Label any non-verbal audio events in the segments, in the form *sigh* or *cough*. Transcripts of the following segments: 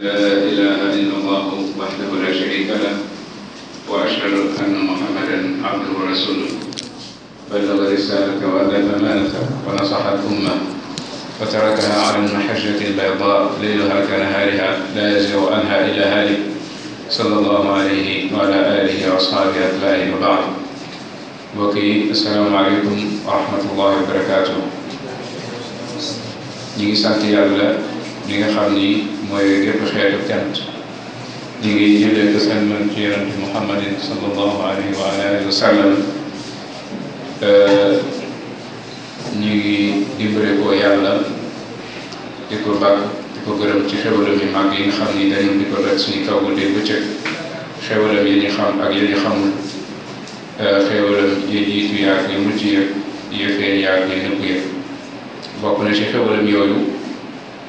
لا إله إلا الله وحده لا شريك له وأشهد أن محمدا عبده ورسوله بلغ رسالة وأدى أمانته ونصح الأمة وتركها على المحجة البيضاء ليلها كنهارها لا يزيغ عنها إلا هالك صلى الله عليه وعلى آله وأصحابه أتباعه وبعد mbokk السلام عليكم ورحمة الله وبركاته ñu ngi sant yàlla li nga xam ni mooy gépp xeetu cant ñu ngi jullee ko salman ci yonente muhammadin sallallahu alayhi wa alihi wa sallam ñu ngi dimbale ko yàlla di ko bàkk di ko gërëm ci xewalam yi màgg yi nga xam ni dañu di ko rek suñu kaw guddee bëccëg xewalam yi ñu xam ak yi ñu xamul xewalam yi jiitu yaag yi mujj yëpp yi feeñ yaag yi nëpp yëpp bokk na ci xewalam yooyu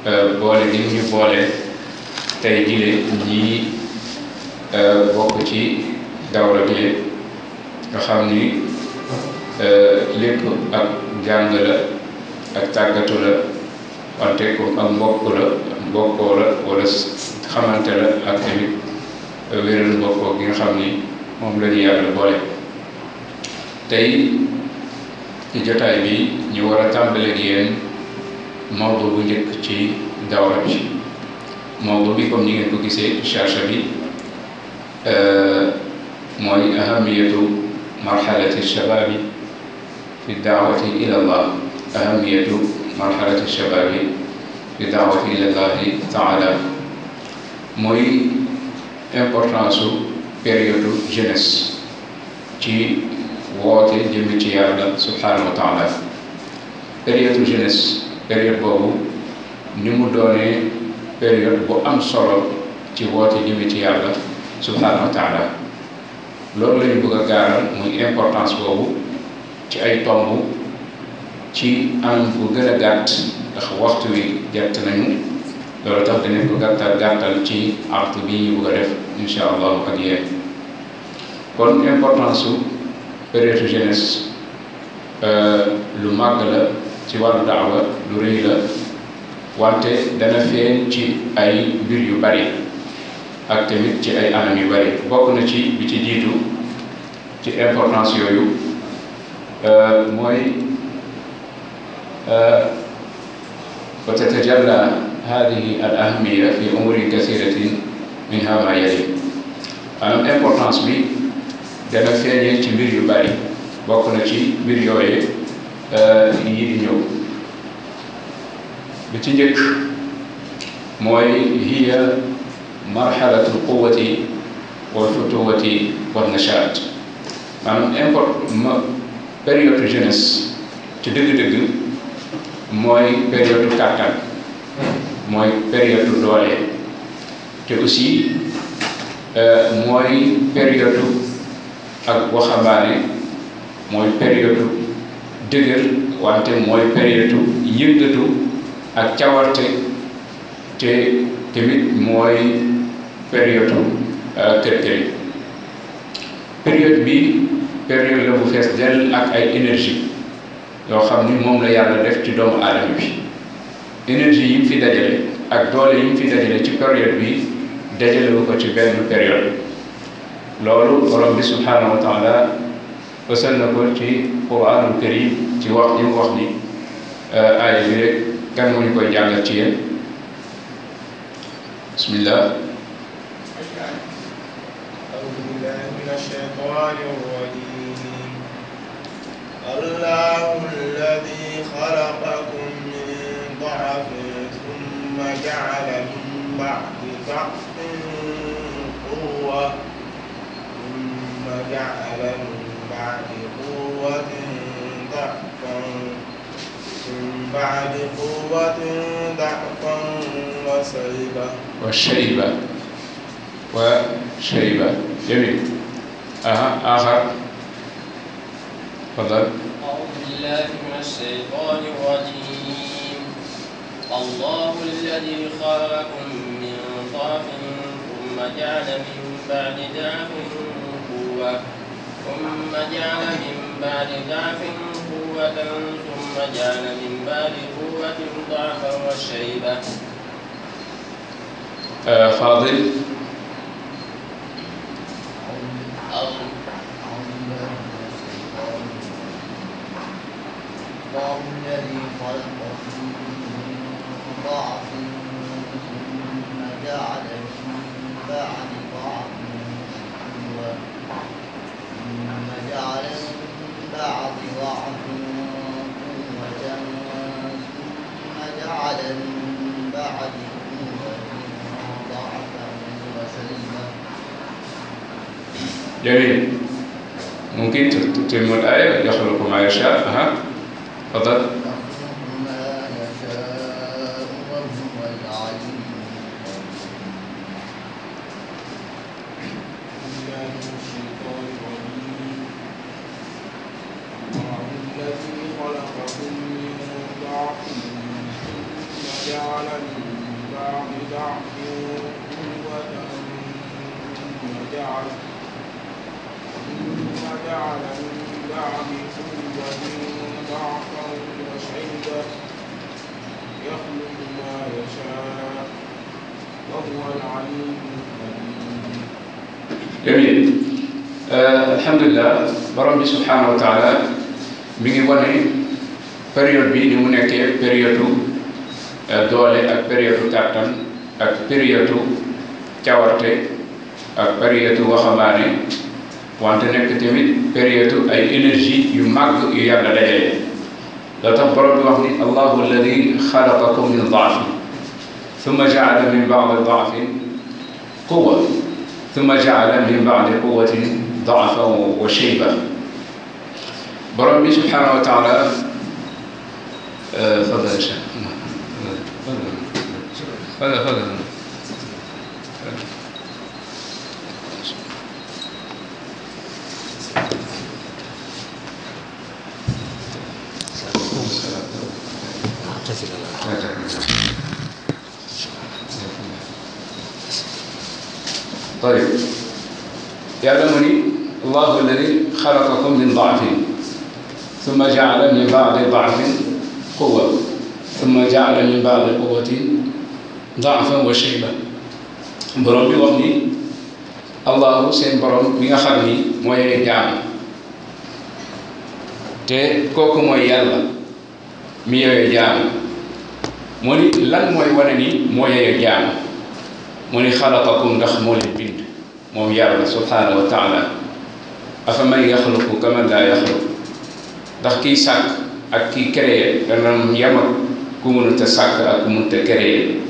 Euh, boole gi ñu boole tey jile ñii euh, bokk ci dawra bi le nga xam ni euh, lépp ak jàng la ak tàggatu la wante ko ak mbokk la mbokkoo la wala xamante la ak tamit wéral mbokkoo gi nga xam ni moom la yàlla boole tey ci jotaay bi ñu war a tàmbaleeg yéen mawdu bu njëkk ci dawra bi mawdu bi comme ni ngeen ko gisee charge bi euh, mooy ahamiyatu marxalati shababi fi daawati ila allah ahamiyatu marxalati shababi fi daawati ila allahi taala mooy importance su période jeunesse ci woote jëm ci yàlla subhanahu wa taala période jeunesse période boobu ni mu doonee période bu am solo ci woote jëme ci yàlla subhanahu wa loolu la ñu a gaaral muy importance boobu ci ay tomb ci anam bu gën a gàtt ndax waxtu wi jàtt nañu loolu tax dinañ ko gàttal gàttal ci artu bi ñu bëgg a def insha allahu ak yéen kon importance su période euh, lu mag la ci wàllu daawa lu rëy la wante dana feeñ ci ay mbir yu bari ak tamit ci ay anam yu bari bokk na ci bi ci jiitu ci importance yooyu euh, mooy euh, wa tatajalla hadihi al ahamiya fi umuri kasiratin minha ma yali maanaam importance bi dana feeñee ci mbir yu bari bokk na ci mbir E, yi di ñëw bi ci njëkk mooy hiya marxalatul quwati wal futuwati wal nashaat maanaam import ma période jeunesse ci dëgg-dëgg mooy période kàttan mooy période doole te aussi e, mooy période ak waxambaane mooy période dëgër wante mooy période yëngatu ak cawarte te tamit mooy période kër kër yi bi période la bu fees dell ak ay énergie yoo xam ni moom la yàlla def ci doomu aadama bi énergie yi mu fi dajale ak doole yi mu fi dajale ci période bi dajalewu ko ci benn période loolu borom bi subhaanahu wa fësal na ko ci quraanul karim ci wax li mu wax ni euh, aaya bi rek kan mu ñu koy jàngal ci yéen bismillah الله الذي خلقكم من ضعف ثم جعل من بعد ضعف قوة ثم جعل من بعد قوة ضعفا من بعد قوة ضعفا وشيبة وشيبة وشيبة جميل أها آخر تفضل أعوذ بالله من الشيطان الرجيم الله الذي خلقكم من ضعف ثم جعل من بعد ضعف قوة ثم جعل من بعد ضعف قوة ثم جعل من بعد قوة ضعفا وشيبة فاضل الله الذي خلقكم من ضعف ثم جعل من بعد على البعض ضعفا قوة ثم جعل من بعد قوة ضعفا وشيبا جميل ممكن تتم الآية يخلق ما يشاء ها تفضل jamil euh, alhamdulilah borom bi subhaanahu wa taala mi ngi wane période bi ni mu nekkee période euh, doole ak période kàttan ak période cawarte ak période waxambaane wante nekk tamit période ay énergie yu màgg yu yàlla dajale loo tax borom bi wax ni allahu alladi xalaqakum min daafin summa jaala min baadi daafin quwa summa jaala min baadi quwatin daafan wa shayba borom bi subhaanahu wa taala fadal tayib yàlla mu ni allahu alladi xalaqakum min daafin summa jaala min baadi daafin quwa summa jaala min baadi quwatin daafan wa shayba borom bi wax ni allahu seen borom bi nga xam ni mooy jaam te kooku mooy yàlla mi yooyu jaam moo ni lan mooy wane ni moo yooyu jaam mu ni xalaqakum ndax moo leen bind moom yàlla subhaanahu wa taala afa man yaxluqu kaman laa yaxluqu ndax kiy sàkk ak kiy créer danañ yem ak ku mënut a sàkk ku mënut a créer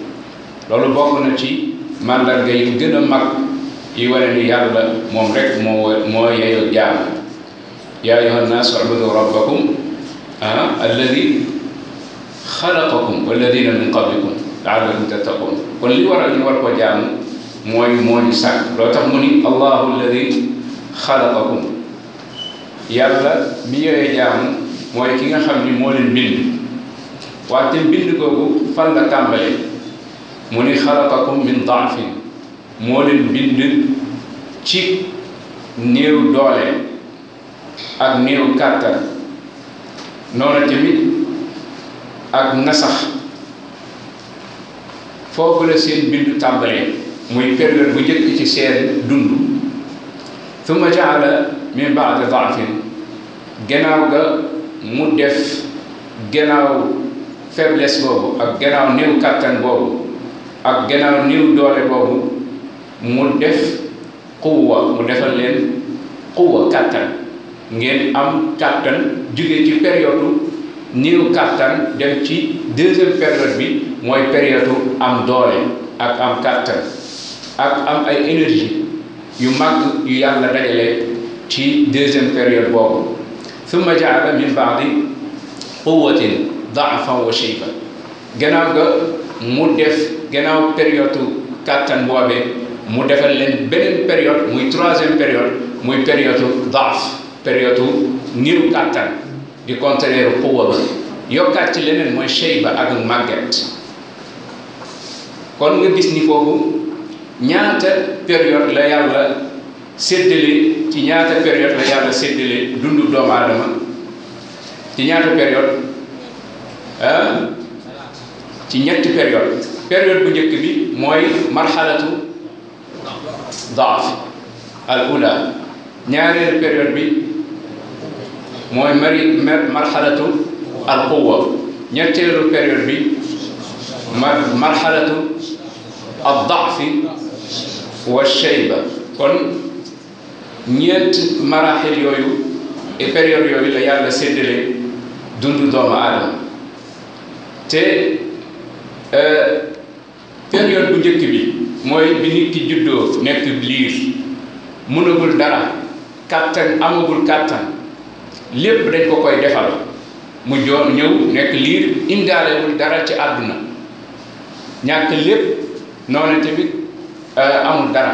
loolu bokk na ci màndarga yi gën a mag yi wane ni moom rek moo moo yeyoo jaam yaa ayyuhan naas ubudu rabbakum ah, alladi xalaqakum walladiina min qablikum laalakum tattaqun kon li waral ñu war ko jaamu mooy moo ñu sàkk loo tax mu ni allahu alladi xalaqakum yàlla mi yooyee jaamu mooy ki nga xam ni moo leen bind waaye te bind googu fan la tàmbalee mu ni xalaqakum min daafin moo leen bind ci néew doole ak néew kàttan noonu tamit ak nasax foofu la seen bindu tàmbalee muy période bu njëkk ci seen dund thumma jaala min baadi daafin gannaaw ga mu def gannaaw faiblesse boobu ak gannaaw néew kàttan boobu ak gannaaw néew doole boobu mu def quwwa mu defal leen quwwa kàttan ngeen am kàttan jóge ci période néew kàttan dem ci deuxième période bi mooy période am doole ak am kàttan ak am ay énergie yu mag yu yàlla dajale ci deuxième période boobu summa jaala min baadi quwatin daafan wa shayba ga mu def ganaaw période kàttan boobee mu def leen benn période muy troisième période mooy période daaf période néew kàttan di contraire xuwa ba yokkaat ci leneen mooy chey ba ak màgget kon nga gis ni foofu ñaata période la yàlla séddale ci ñaata période la yàlla séddale dundu doomu aadama ci ñaata période ah ci ñett période période bu njëkk bi mooy marxalatu daaf al ula ñaareelu période bi mooy mari marxalatu al quwa ñetteelu période bi ma marxalatu al daafi shayba kon ñeent maraxil yooyu et yooyu la yàlla séddale dundu doomu aadama te euh, période bu jëkk bi mooy bi nit ki juddoo nekk liir mënagul dara kàttan amagul kàttan lépp dañ ko koy defal mu joo ñëw nekk liir indaalewul dara ci àdduna ñàkk lépp noonu tamit euh, amul dara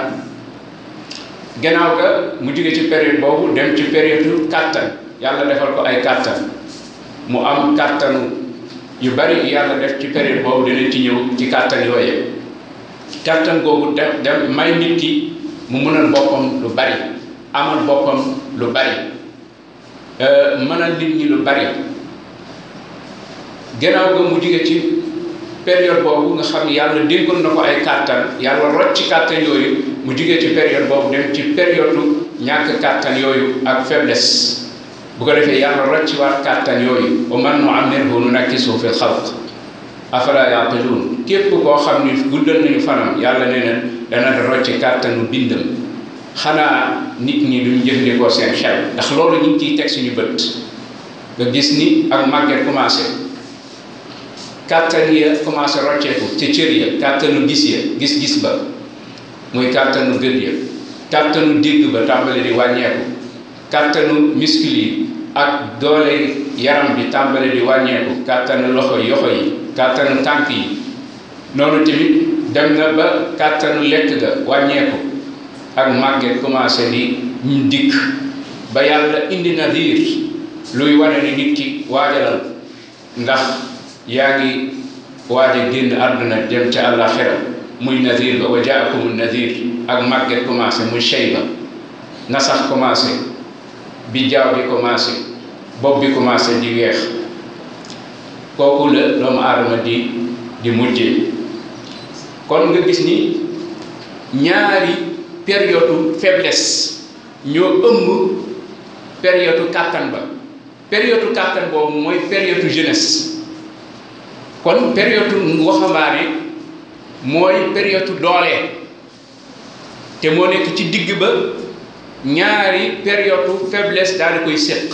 gannaaw ga mu jóge ci période boobu dem ci période kàttan yàlla defal ko ay kàttan mu am kàttanu yu bari yàlla def ci période boobu dinañ ci ñëw ci kàttan yooye kàttan googu dem may nit ki mu mënal boppam lu bari amal boppam lu bari Euh, mën a nit ñi lu bari gannaaw ga mu jige ci période boobu nga xam yàlla dénkoon na ko ay kàttan yàlla rocc ci yooyu mu jigee ci période boobu dem ci période ñàkk kàttan yooyu ak faiblesse bu ko defee yàlla rocc waat kàttan yooyu wa man nu'ammirhu nunakkisuhu fil xalq afala yaqilun képp koo xam ni guddal nañu fanam yàlla nee na dana rocc kàttanu bindam xanaa nit ñi duñ jëfandikoo seen xel ndax loolu ñu ngi ciy teg suñu bët nga gis ni ak màgget commencé kàttan ya commencé rocceeku ca cër ya kàttanu gis ya gis-gis ba muy kàttanu gën ya kàttanu dégg ba tàmbali di wàññeeku kàttanu muscle yi ak doole yaram bi tàmbali di wàññeeku kàttanu loxo yoxo yi kàttanu tànk yi noonu tamit dem na ba kàttanu lekk ga wàññeeku ak màgget commencé di mu dikk ba yàlla indi nadir luy wane ni nit ki waajalal ndax yaa ngi waaja génn àdduna dem ca àllaxira muy nadir ba wa jaakumu nadir ak màgget commencé muy shayba nasax commencé bi jaaw bi commencé bopp bi commencé di weex kooku la doomu aadama di di mujjee kon nga gis ni ñaari période faiblesse ñoo ëmb période kàttan ba période kàttan boobu mooy période jeunesse kon période waxambaane mooy période doole te moo nekk ci digg ba ñaari periode faiblesse daal di koy séq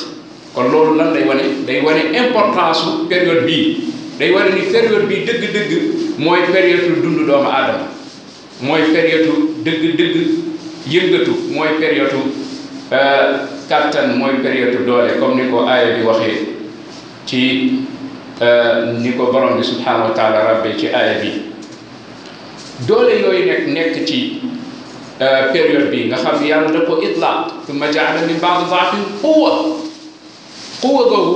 kon loolu lan day wane day wane importance su période bii day wane ni période bii dëgg-dëgg mooy période dund doomu aadama mooy période dëgg-dëgg yëngatu mooy période euh, kattan mooy période doole comme ni ko aaya bi waxee ci euh, ni ko borom bi subhanahu wa taala ci aaya bi doole yooyu nekk nekk ci euh, période bi nga xam ne yàlla da ko itlaq thumma jaala min baadi daafin quwa quwa googu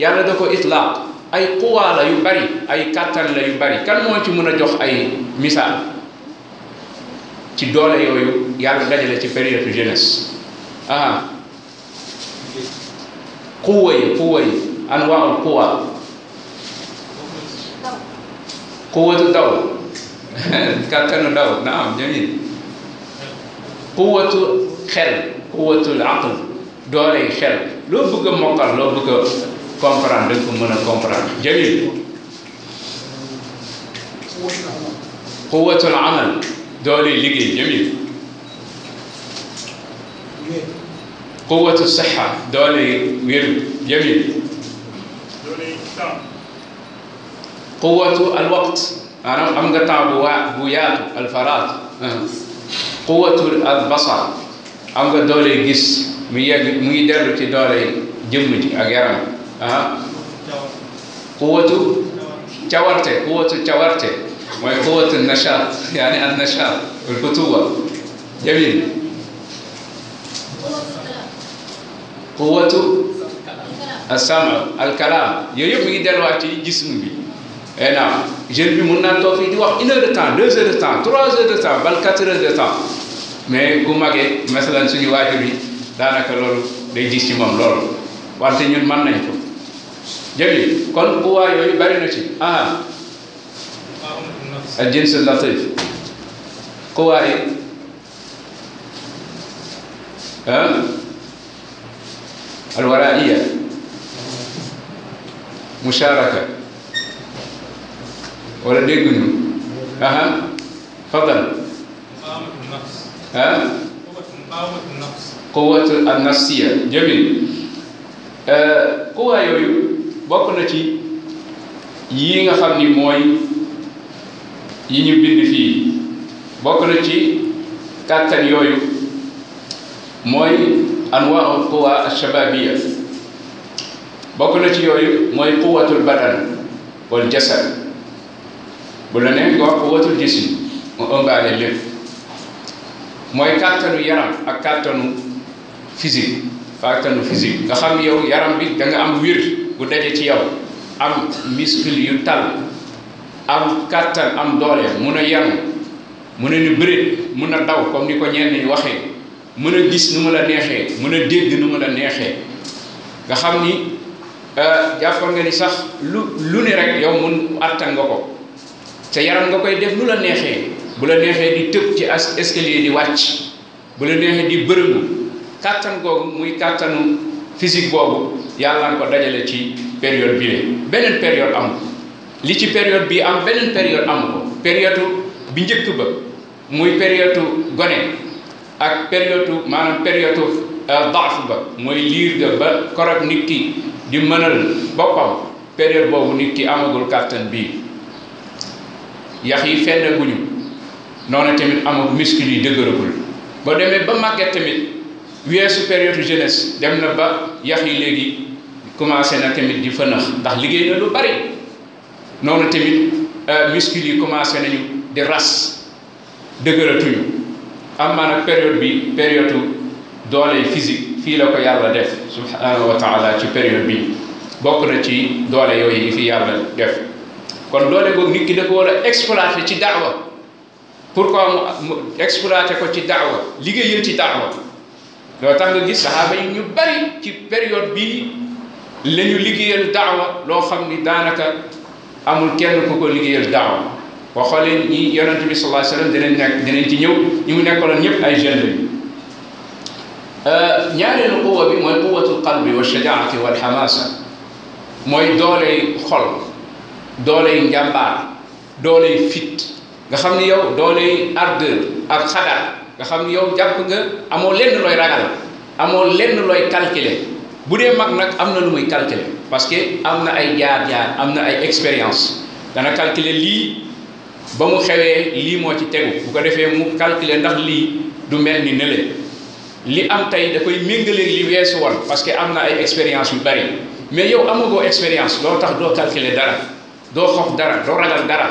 yàlla da ko itlaq ay quwa la yu bari ay kattan la yu bari kan moo ci mën a jox ay misaal ci doole yooyu yàlla dajale ci période jeunesse ah quwa yi quwa yi anwaul quwa quwatu daw *laughs* kàttanu daw naam jamil quwatu xel quwatul aql doole yi xel loo bëgg a mokkal loo bëgg a comprendre danga ko mën a comprendre jamil quwatul amal doolee liggéey jamil quwatu sixa doolee wéru jamil quwatu alwaqt maanaam am nga temps bu waa bu yaatu alfaraat quwatu albasar am nga doolee gis mu yegg mu ngi dellu ci doolee jëmm ji ak yaram ah quwatu cawarte quwatu cawarte وهي قوة النشاط يعني النشاط والفتوة جميل قوة السمع الكلام yooyu yëpp mi ngi delluwaat ci jism bi et eh, naam jeune bi mun naa toog fii di wax une heure de temps trois heures de temps bal quatre heures temps mais bu magee masalan suñu waajur bi daanaka loolu day gis ci moom loolu wante ñun mën nañ ko jëli kon pouvoir yooyu bari ci ah الجنس اللطيف قوائد ها الورائية مشاركة ولا ديجنو أها تفضل مقاومة النفس ها مقاومة النفس قوة النفسية جميل قوة يويو bokk na ci yii nga xam ni mooy yi ñu bind bokk na ci kàttan yooyu mooy anwaaru quwa ashababiya bokk na ci yooyu mooy quwatul badan wal jasad bu la nee nga wax quwatul jisim mu ëmbaale lépp mooy kàttanu yaram ak kàttanu physique kàttanu physique nga xam yow yaram bi danga am wér bu daje ci yow am muscle yu tal am kàttan am doole mun a yanu mun a ni bërit mun a daw comme ni ko ñenn ñi waxee mën a gis nu mu la neexee mën a dégg nu mu la neexee nga xam ni euh, jàppoon nga ni sax lu lu ne rek yow mun attan nga ko sa yaram nga koy def lu la neexee bu la neexee di tëb ci as escalier di wàcc bu la neexee di bërëngu kàttan googu muy kàttanu physique boobu yàlla nga ko dajale ci période bi beneen période am li ci période bi am beneen période amu ko bi njëkk ba muy période gone ak période maanaam période euh, daaf ba mooy liir ga ba korog nit ki di mënal boppam période boobu nit ki amagul kàttan bii yax yi fendaguñu noonu tamit amagul muscle yi dëgëragul ba demee ba màgget tamit weesu période jeunesse dem na ba yax yi léegi commencé na tamit di fënax ndax liggéey na lu bari noonu tamit euh, muscles yi commencé nañu di ras dëgëratuñu am maa période bi période doole physique fii la ko yàlla def subhanahu wa taala ci période bi bokk na ci doole yooyu yi fi yàlla def kon doole boobu nit ki da ko war a exploiter ci daawa pourquoi mu ko ci daawa liggéeyal ci daawa loo tax nga gis saxaaba yi ñu bari ci période bi lañu ñu liggéeyal daawa loo xam ni daanaka amul kenn ku ko liggéeyal daaw boo xoolee ñi yonent bi sallallahu alayhi wasallam dinañ nekk dinañ ci ñëw ñu mu nekkaloon ñëpp ay jeunes lañu euh, ñaareelu quwa bi mooy quwatul qalbi wa shajaati wal xamaasa mooy dooley xol doole yu njàmbaar dooley fit nga xam ni yow dooley ardeur ak xadar nga xam ni yow jàpp nga amoo lenn looy ragal amoo lenn looy calculer bu dee mag nag am na lu muy calculer parce que am na ay jaar-jaar am na ay expérience dana calculer lii ba mu xewee lii moo ci tegu bu ko defee mu calculer ndax lii du mel ni nële li am tey da koy méngaleeg li weesu woon parce que am na ay expérience yu bari mais yow amagoo expérience loo tax doo calculer dara doo xof dara doo ragal dara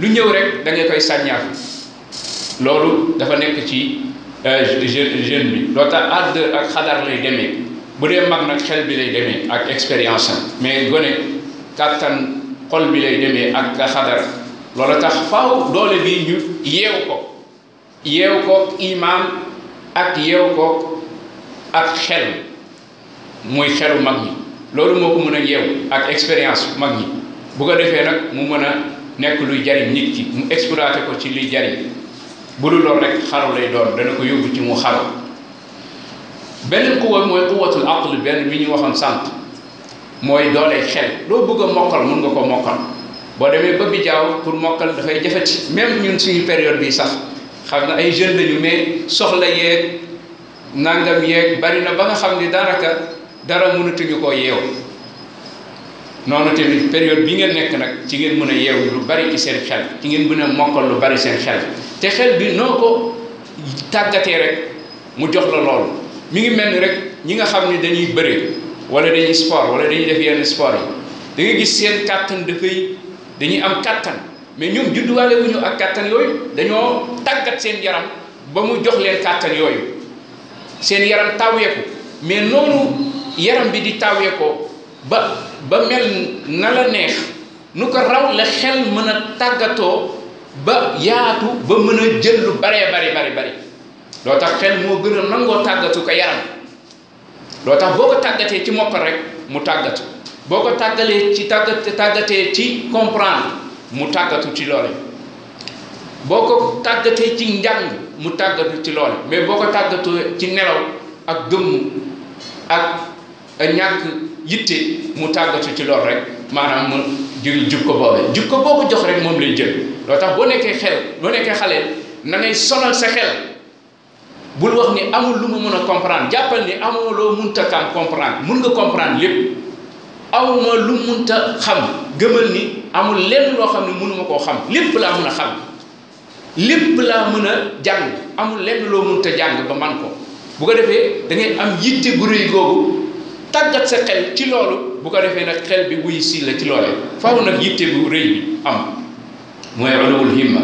lu ñëw rek da ngay koy sàññaaku loolu dafa nekk ci euh, jeune jeune bi loo tax àdd ak xadar lay demee bu dee mag nag xel bi lay demee ak expérience am mais gone kàttan xol bi lay demee ak xadar loola tax faw doole bi ñu yeew ko yeew ko imaam ak yeew ko ak xel muy xelu mag ñi loolu moo ko mën a yeew ak expérience mag ñi bu ko defee nag mu mën a nekk luy jariñ nit ki mu exploité ko ci luy jariñ bu dul loolu rek xaru lay doon dana ko yóbbu ci mu xaru beneen quwa mooy quwatul lu benn bi ñu waxoon sant mooy doole xel loo bëgg a mokkal mun nga ko mokkal boo demee ba bi jaaw pour mokkal dafay jafeti même ñun suñu période bi sax xam na ay jeunes lañu mais soxla yeeg nangam yeeg bari na ba nga xam ni dara ka dara mënatuñu koo yeew noonu tamit période bi ngeen nekk nag ci ngeen mën a yeew lu bari ci seen xel ci ngeen mën a mokkal lu bari seen xel te xel bi noo ko tàggatee rek mu jox la loolu mi ngi mel ni rek ñi nga xam ni dañuy bëri wala dañuy sport wala dañuy def yenn sport yi da gis seen kàttan dafay dañuy am kàttan mais ñoom judduwaale wu ñu ak kàttan yooyu dañoo tàggat seen yaram ba mu jox leen kàttan yooyu seen yaram taaweeku mais noonu yaram bi di taaweekoo ba ba mel na la neex nu ko raw la xel mën a tàggatoo ba yaatu ba mën a jël lu baree bari bari bari loo tax xel moo gën a nangoo tàggatu ko yaram loo tax boo ko tàggatee ci mokkal rek mu tàggatu boo ko tàggalee ci tàggat tàggatee ci comprendre mu tàggatu ci loole boo ko tàggatee ci njàng mu tàggatu ci lool mais boo ko tàggatu ci nelaw ak gëmm ak ñàkk yitte mu tàggatu ci lool rek maanaam mu jub jub ko boobee jub ko boo ko jox rek moom lay jël loo tax boo nekkee xel boo nekkee xale na ngay sonal sa xel bul wax ni amul lu mu mun a comprendre jàppal ni amoo loo munta kam comprendre mun nga comprendre lépp awma lu munta xam gëmal ni amul lenn loo xam ne mënuma koo xam lépp laa mën a xam lépp laa mën a jàng amul lenn loo munta jàng ba man ko bu ko defee da ngay am yitte gu rëy googu tàggat sa xel ci loolu bu ko defee nag xel bi wuy si la ci loolee faaw nag yitte bu rëy bi am mooy ulul himma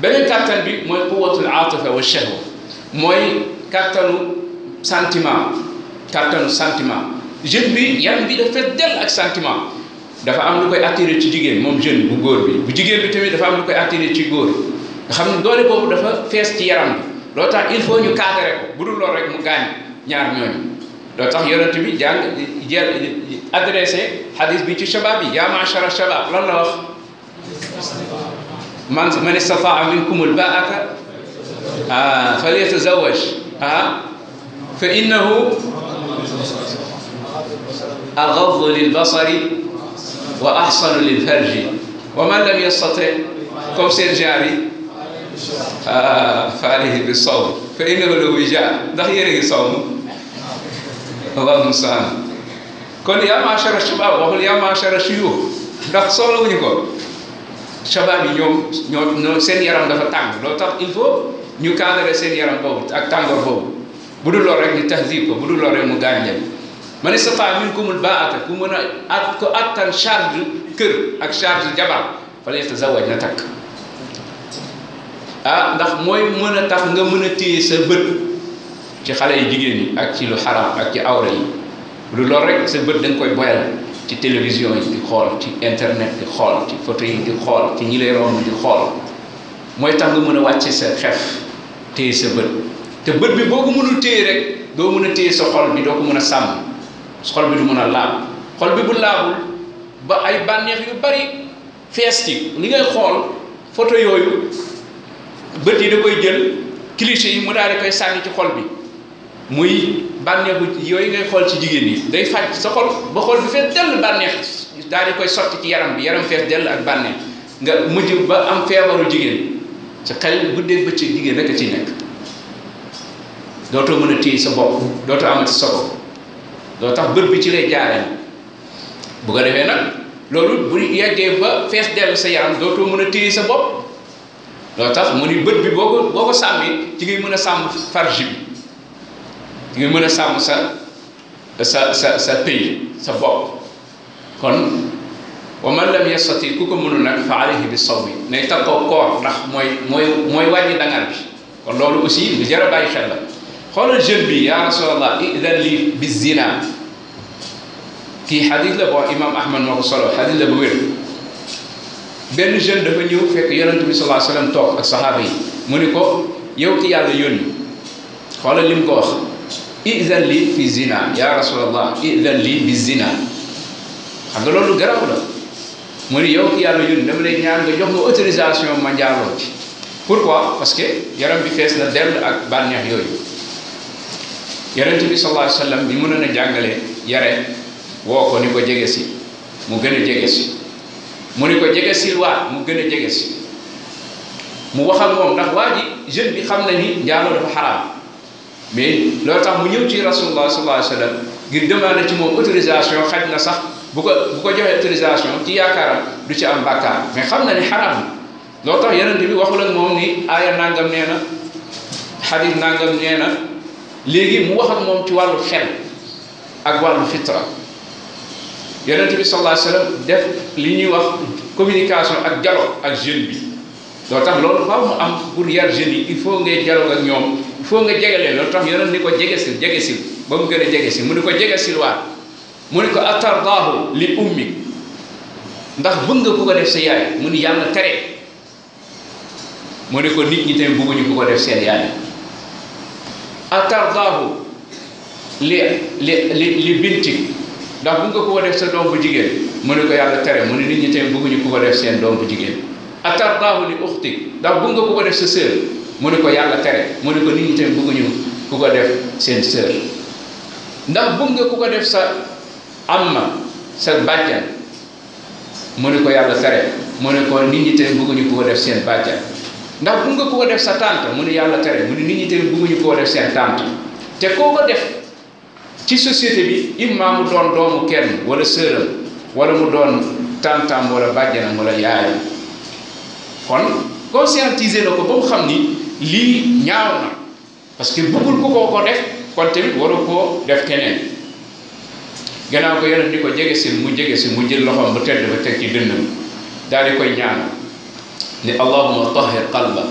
beneen kàttan bi mooy quwatul aatifa wa shahwa mooy kàttanu sentiment kàttanu sentiment jeune bi yan bi dafa ak sentiment dafa am lu koy attiré ci jigéen moom jeune bu góor bi bu jigéen bi tamit dafa am lu koy attiré ci góor nga xam ne doole boobu dafa fees ci yaram loo tax il faut ñu cadré ko bu dul loolu rek mu gaañ ñaar ñooñu loo tax yonent bi jàng jël adressé hadis bi ci shabab bi yaa ma'shara shabab lan la wax man man istata'a minkumul ba'ata آه فليتزوج آه فإنه أغض للبصر وأحصن للفرج ومن لم يستطع كم سير جاري آه فعليه بالصوم فإنه لو وجاء ده يرغي صوم الله المستعان kon yaa maachara shabab waxul yaa maachara shuyuux ndax soxlawuñu ko shabab yi ñoom ñoo ñoo seen yaram dafa tàng loo tax il faut ñu cadré seen yaram boobu ak tàngoor boobu bu dul lool rek di tahdib ko bu dul lool rek mu gaañ leen man istata minkumul baata ko mën a at ko attan charge kër ak charge jabar fa la tazawaj na takk ah ndax mooy mën a tax nga mën a téye sa bët ci xale yi jigéen yi ak ci lu xaram ak ci awra yi lu lool rek sa bët da nga koy boyal ci télévision yi di xool ci internet di xool ci photo yi di xool ci ñi lay romb di xool mooy tax nga mën a wàcce sa xef téye sa bët te bët bi boo ko mënul téye rek doo mën a téye sa xol bi doo ko mën a sàmm xol bi du mën a laab xol bi bu laabul ba ay bànneex yu bari fees ci li ngay xool photo yooyu bët yi da koy jël cliché yi mu daal di koy sànni ci xol bi muy bu yooyu ngay xool ci jigéen yi day faj sa xol ba xol bi fees dell bànneex daal di koy sotti ci yaram bi yaram fees dell ak bànneex nga mujj ba am feebaru jigéen ci xel guddeeg bëccëg jigéen rek a ciy nekk dootoo mën a téye sa bopp dootoo amati sa bopp loo tax bët bi ci lay jaaree bu ko defee nag loolu bu yeggee ba fees dell sa yaram dootoo mën a téye sa bopp loo tax mu ni bët bi boo ko boo ko sàmmee ci ngay mën a sàmm farji bi ci ngay mën a sàmm sa sa sa sa pays sa bopp kon wa man lam yastati ku ko mënul nag fa alayhi bi sawmi nay takkoo koor ndax mooy mooy mooy wàññi dangar bi kon loolu aussi lu a bàyyi xel la xoolal jeune bi ya rasulallah idan lii bi zina kii xadis la boo imam ahmad moo ko solo xadis la bu wér benn jeune dafa ñëw fekk yonente bi sallallahu alayhi wasallam toog ak saxaaba yi mu ni ko yow ki yàlla yónni xoolal li mu ko wax idan lii fi zina ya rasulallah idan lii bi zina xam nga loolu garaw la mu yow ki yàlla yónni dama lay ñaan nga jox ma autorisation ma njaaloo ci pourquoi parce que yaram bi fees na dell ak banneex yooyu yonent bi sallallahu alayhi bi mënoon a jàngale yare woo ko ni ko jege si mu gën a jege si mu ni ko jege si waat gën a jege si mu wax moom ndax waa ji jeune bi xam na ni njaaloo dafa xaraam mais loolu tax mu ñëw ci rasulullah sallallahu alayhi wa sallam ngir ci moom autorisation xaj na sax bu ko bu ko joxee autorisation ci yaakaaram du ci am bàkkaar mais xam na ni xaraam na loo tax yeneen bi waxul ak moom ni aaya nangam nee na xadis nangam nee na léegi mu wax moom ci wàllu xel ak wàllu fitra yonent bi sallallahu alayhi wasallam def li ñuy wax communication ak dialogue ak jeune bi loolu tax loolu faaw mu am pour yar jeune yi il faut ngay dialogue ak ñoom il faut nga jegelee loolu tax yonent ni ko jege sil jege sil ba mu gën a jege sil mu ni ko jege sil mu ne ko atardaahu li ummi ndax bëgg nga ku ko def sa yaay mu tere mu ne ko nit ñi tamit bëgguñu ku ko def seen yaay atardaahu li li li binti ndax bëgg nga ku def sa doom bu jigéen mu ne ko yàlla tere mu ne nit ñi tamit bëgguñu ku ko def seen doom bu jigéen atardaahu li uxti ndax bëgg nga ku ko def sa sœur mu ne ko yàlla tere mu ne ko nit ñi tamit bëgguñu ku ko def seen sœur ndax bëgg nga ku ko def sa amma sa bàjjan mu ne ko yàlla tere mu ne ko nit ñi tey bëgguñu koo def seen bàjjan ndax bu nga koo def sa tante mu ne yàlla tere mu ne nit ñi tey bëgguñu koo def seen tante te koo ko def ci société bi imma mu doon doomu kenn wala sëram wala mu doon tàntam wala bàjjanam walla yaayam kon conscientiser na ko ba mu xam ni lii ñaaw na parce que bëggul ko ko def kon tamit waru koo def keneen gannaaw ko yonent diko ko jege si mu jege si mu jël loxoom bu tedd ba teg ci dënnam daal di koy ñaan ni allahuma tahir qalba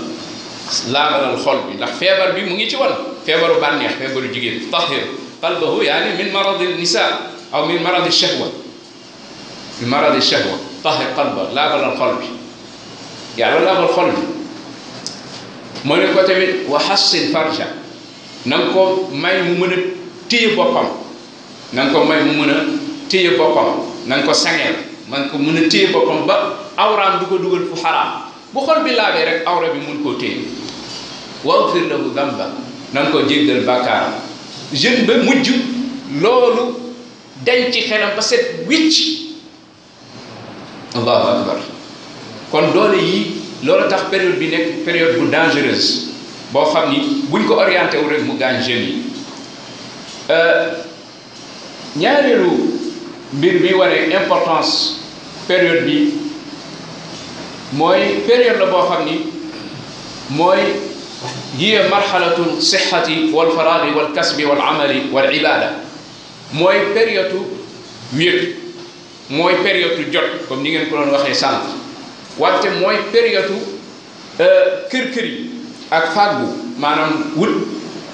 laabalal xol bi ndax feebar bi mu ngi ci woon feebaru bànneex feebaru jigéen tahir qalbahu yaani min maradi nisa aw min maradi shahwa min maradi shahwa tahir qalba laabalal xol bi yàlla laabal xol bi mu ne ko tamit wa xassin farja na ko may mu mën a boppam na ko may mu mën a téye boppam na nga ko sangeel man ko mën a téye boppam ba awraam du ko dugal fu xaraam bu xol bi laabee rek awra bi mun koo téye waghfir lahu damba na nga ko jéggal bàkkaaram jeune ba mujj loolu dañ ci xelam ba set wicc allahu akbar kon doole yi loolu tax période bi nekk période bu dangereuse boo xam ni buñ ko orienté wu rek mu gàng jeunes yi euh, ñaareelu mbir bi waree importance période bi mooy période la boo xam ni mooy hiya marxalatu sixati wal faraagi wal kasbi wal amali wal ibaada mooy période wér mooy période jot comme ni ngeen ko doon waxee sànq wante mooy période euh, kër kër yi ak fàggu maanaam wut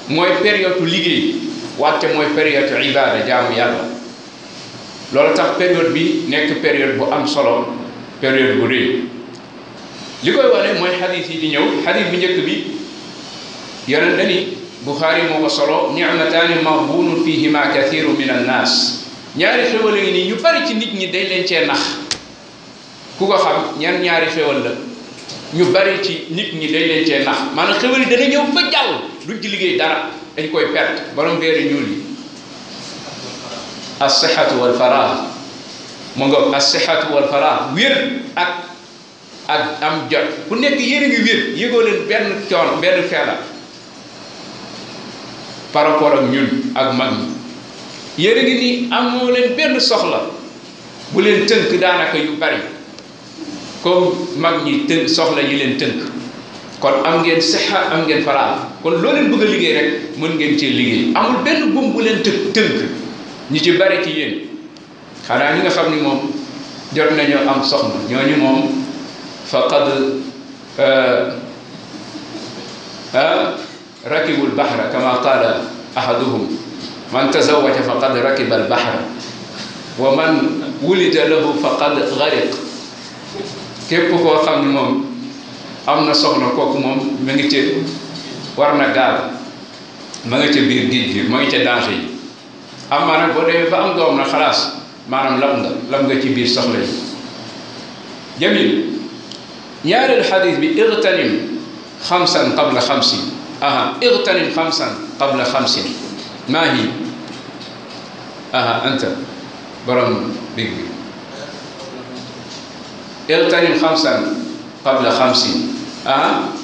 mooy période liggéey wàcce mooy période ibada jaamu yàlla loolu tax période bi nekk période bu am solo période bu rëy li koy wane mooy xadis yi di ñëw xadis bu njëkk bi yonent dani Buxaari moo ko solo nicmataani mabunun fihima kathiru min annaas ñaari xéwal a ngi nii ñu bari ci nit ñi dañ leen cee nax ku xam ñan ñaari xéwal la ñu bari ci nit ñi dañ leen cee nax maanaam xéwal yi dana ñëw ba jàll duñ ci liggéey dara dañ koy perte borom beeri ñuul yi as-sihhatu wal farah mu nga as-sihhatu wal farah wér ak am jot ku nekk yéen a ngi wér yëgoo leen benn coon benn feebar par rapport ak ñun ak mag ñi yéen ngi nii amoo leen benn soxla bu leen tënk daanaka yu bari comme mag ñi tënk soxla yi leen tënk kon am ngeen siha am ngeen farah kon loo leen bëgg a liggéey rek mën ngeen cee liggéey amul benn buum bu leen tënk tënk ñi ci bari ci yéen xanaa nga xam ni moom jot nañoo am soxna ñooñu moom faqad euh, euh, rakibu lbahra kama qala ahaduhum man tazawaja faqad rakiba albahra wa man wulida lahu faqad gariq képp koo xam ni moom am na soxna kooku moom mi ngi war na gaaw ma nga ca biir géej gi ma nga ca danger yi am maanaam boo demee ba am doom na xalaas maanaam lam nga lam nga ci biir soxla yi jamil ñaareel xadis bi irtanim xamsan qabla xamsin aha irtanim xamsan qabla xamsin maa hi aha anta borom big bi irtanim xamsan qabla xamsin aha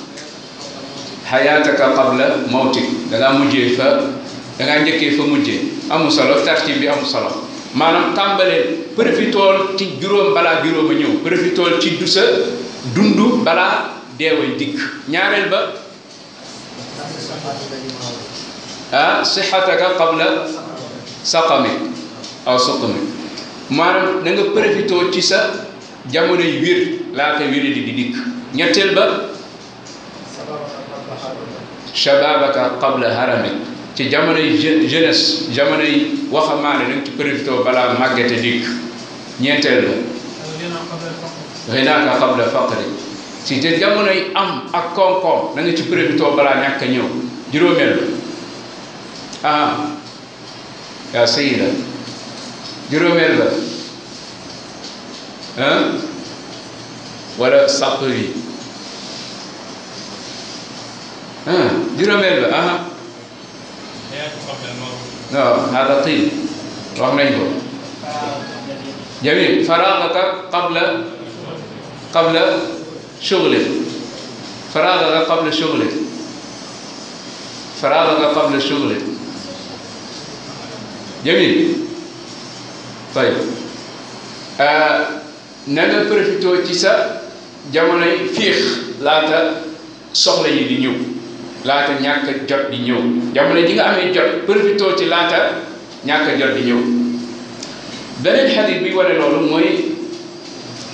xayaataka qabla mawtik dangaa mujjee fa dangaa njëkkee fa mujjee amu solo tartib bi amu solo maanaam tàmbalee profitool ci juróom balaa juróom a ñëw profitool ci du sa dund balaa deeway dikk ñaareel ba ah sixataka qabla saqami aw saqami maanaam da nga ci sa jamonoy wir laata wéri di di dikk ñetteel ba shababaka qabla haramik ci jamonoy jeunesse jamonoy waxamaane nañ ci profité balaa màggete dikk ñeenteel la xinaaka qabla faqri ci te am ak koom-koom na nga ci profité balaa ñàkk a ñëw juróomeel la ah yaa sëyi la juróomeel ah wala sàpp yi juróomeel ba aha waaw hada tiib wax nañ ko jamil faragaka qabla qabla shughlik faragaka qabla shughlik faragaka qabla shughlik jamil tayib euh, na nga profité ci sa jamonoy fiix laata soxla yi di ñëw laata ñàkk jot di ji nga amee jot profité ci laata ñàkk jot di ñëw beneen xadis bi wane loolu mooy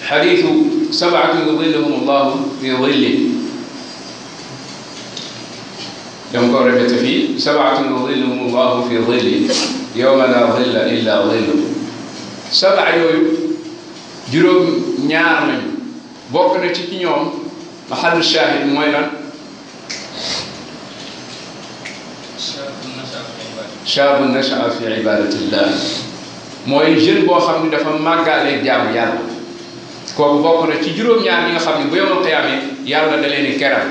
xadisu sabaatu yudilluhum allahu fi dilli dama ko répété fii sabaatu yudilluhum allahu fi dilli yowma la dilla illa bokk na ci ci ñoom maxalu shahid mooy lan shaabun nashaa fi ibadatillah mooy jeune boo xam ne dafa màggaaleeg jaamu yàlla kooku bokk na ci juróom-ñaar yi nga xam ne bu yowmal qiyaame yàlla da leen di keral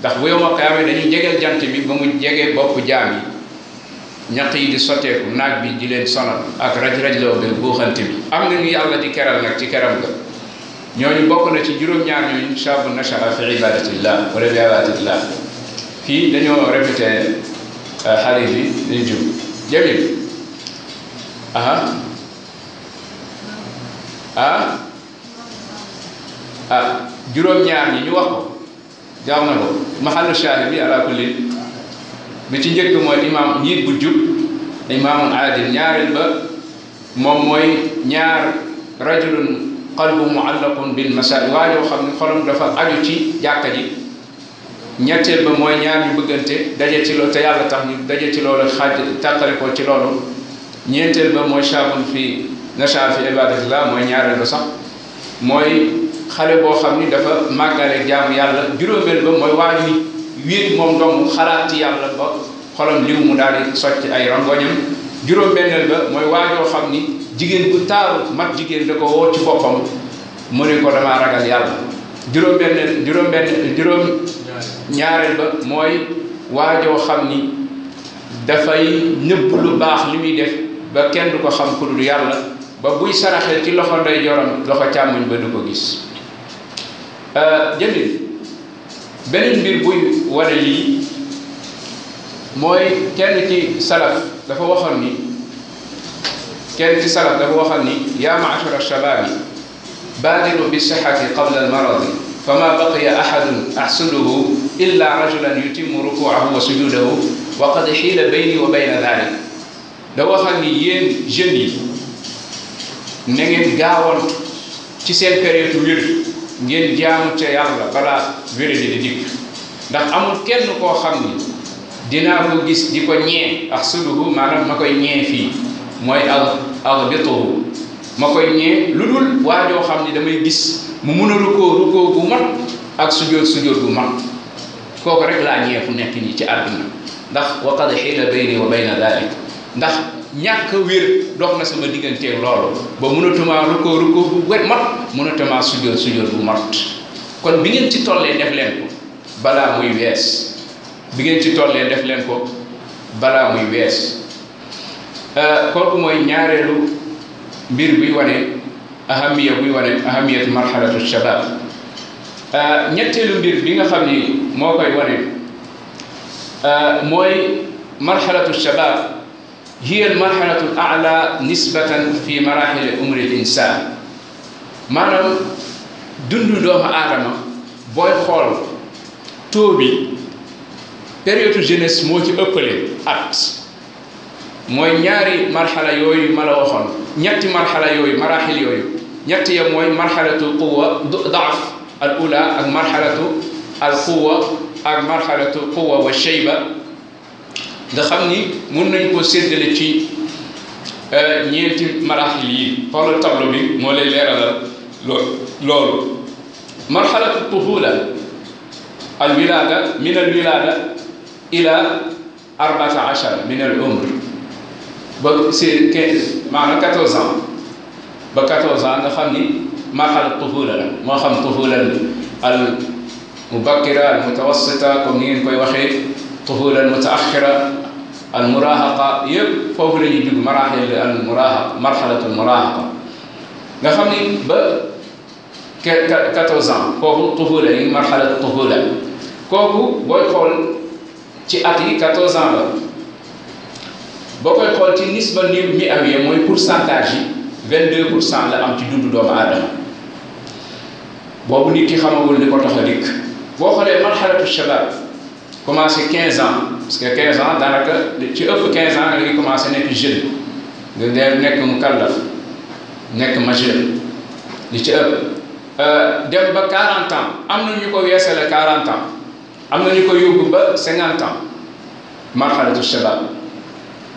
ndax bu yowmal qiyaame dañuy jegeel jant bi ba mu jegee bopp jaam yi ñaq yi di sotteeku naaj bi di leen sonal ak raj-raj loo bi buuxante bi am nañu yàlla di keral nag ci keram ga ñooñu bokk na ci juróom-ñaar ñooñu shaabun nashaa fi ibadatillah wala bi ibadatillah fii dañoo répété hadithi ni juu. Jamil. Aha. ah ah juróom-ñaar ñi ñu wax ko jaaw na ko mahallu shahid bi ala kulli bi ci njëkk mooy imaam njiit bu jub imaamun aadil ñaareel ba moom mooy ñaar rajulun qalbu muallaqun bil masail waa yoo xam ne xolam dafa aju ci jàkka ji ñetteel ba mooy ñaar ñu bëggante daje ci loolu te yàlla tax ñu daje ci loolu xaaj tàqale ko ci loolu ñeenteel ba mooy shaabun fi nasha fi ibadatillah mooy ñaareel ba sax mooy xale boo xam ni dafa màggale jaamu yàlla juróomeel mooy waa ji wéet moom xalaat ci yàlla ba xolam liw mu daal di ay rongoñam juróom-benneel ba mooy waajoo xam ni jigéen bu taaru mat jigéen da ko woo ci boppam mu ne ko damaa ragal yàlla juróom-benneel juróom-benn juróom ñaareel ba mooy waajoo xam ni dafay nëbb lu baax li muy def ba kenn du ko xam ku dul yàlla ba buy saraxee ci loxo nday jorom loxo càmmoñ ba du ko gis euh, jëndil beneen mbir buy wane lii mooy kenn ki salaf dafa waxoon ni kenn ci salaf dafa waxoon ni yaa ma'shara shabaab yi baadiru bi sihhati qabla maradi fama baqiya ahadun ahsuduhu illa rajulan yutimu rukuahu wa sujudahu wa qad xiila bayni wa bayna dalik da waxal ni yéen jeunes yi na ngeen gaawantu ci seen période wér ngeen jaamu ca yàlla balaa wér di di dikk ndax amul kenn koo xam ni dinaa ko gis di ko ñee ahsuduhu maanaam ma koy ñee fii mooy al al bituhu ma koy ñee lu dul waajoo xam ni damay gis mu mun a rukkoo rukkoo bu mat ak sujjóot sujjóot bu mat kooku rek laa ñëwee fu nekk nii ci àdduna ndax wa a xiila bayni wa bayna dalik ndax ñàkk wér dox na sama digganteeg loolu ba a rukkoo rukkoo bu wet mat mënatumaa sujjóot sujjóot bu mat kon bi ngeen ci tollee def leen ko balaa muy wees bi ngeen ci tollee def leen ko balaa muy wees euh, kooku mooy ñaareelu mbir bi wane ahamiya buy wane ahamiyat marxalatu shabab euh, ñetteelu mbir bi nga xam ni moo koy wane euh, mooy marxalatu shabab hiya al marxalatu al ala nisbatan fi maraxili umri l insan maanaam dundu doomu aadama booy xool taux bi période jeunesse moo ci ëppale at mooy ñaari marxala yooyu ma la waxoon ñetti marxala yooyu maraaxil yooyu ñett ya mooy marxalatu quwa daaf al ula ak marxalatu al quwa ak marxalatu quwa wa shayba nga xam ni mun nañ koo séddale ci euh, ñeenti maraxil yi xoolal tableau bi moo lay leeralal loolu marxalatu tuhula al wilaada min al wilaada ila arbata achara min al umr ba c'est quinze maanaam quatorze ans ba 14 ans nga xam ni maaxal tufula la moo xam tufula al mubakkira al mutawassita comme ni ngeen koy waxee tufula al mutaaxira al murahaqa yëpp foofu la ñuy dugg maraaxil al murahaqa marxalatul murahaqa nga xam ni ba 14 ans foofu tufula yi marxalatu tufula kooku booy xool ci at yi 14 ans la boo koy xool ci nisba ni mi am mooy pourcentage yi 22 pour cent la am ci dundu doomu aadama boobu nit ki xamagul li ko tax a dikk boo xoolee marxalatu shabab commencé quinze ans parce que 15 ans daanaka ci ëpp 15 ans nga ngi commencé nekk jeune nga dee nekk mu kàllaf nekk majeur li ci ëpp. Euh, dem ba 40 ans am na ñu ko weesale quarante ans am na ñu ko yóbbu ba 50 ans marxalatu shabab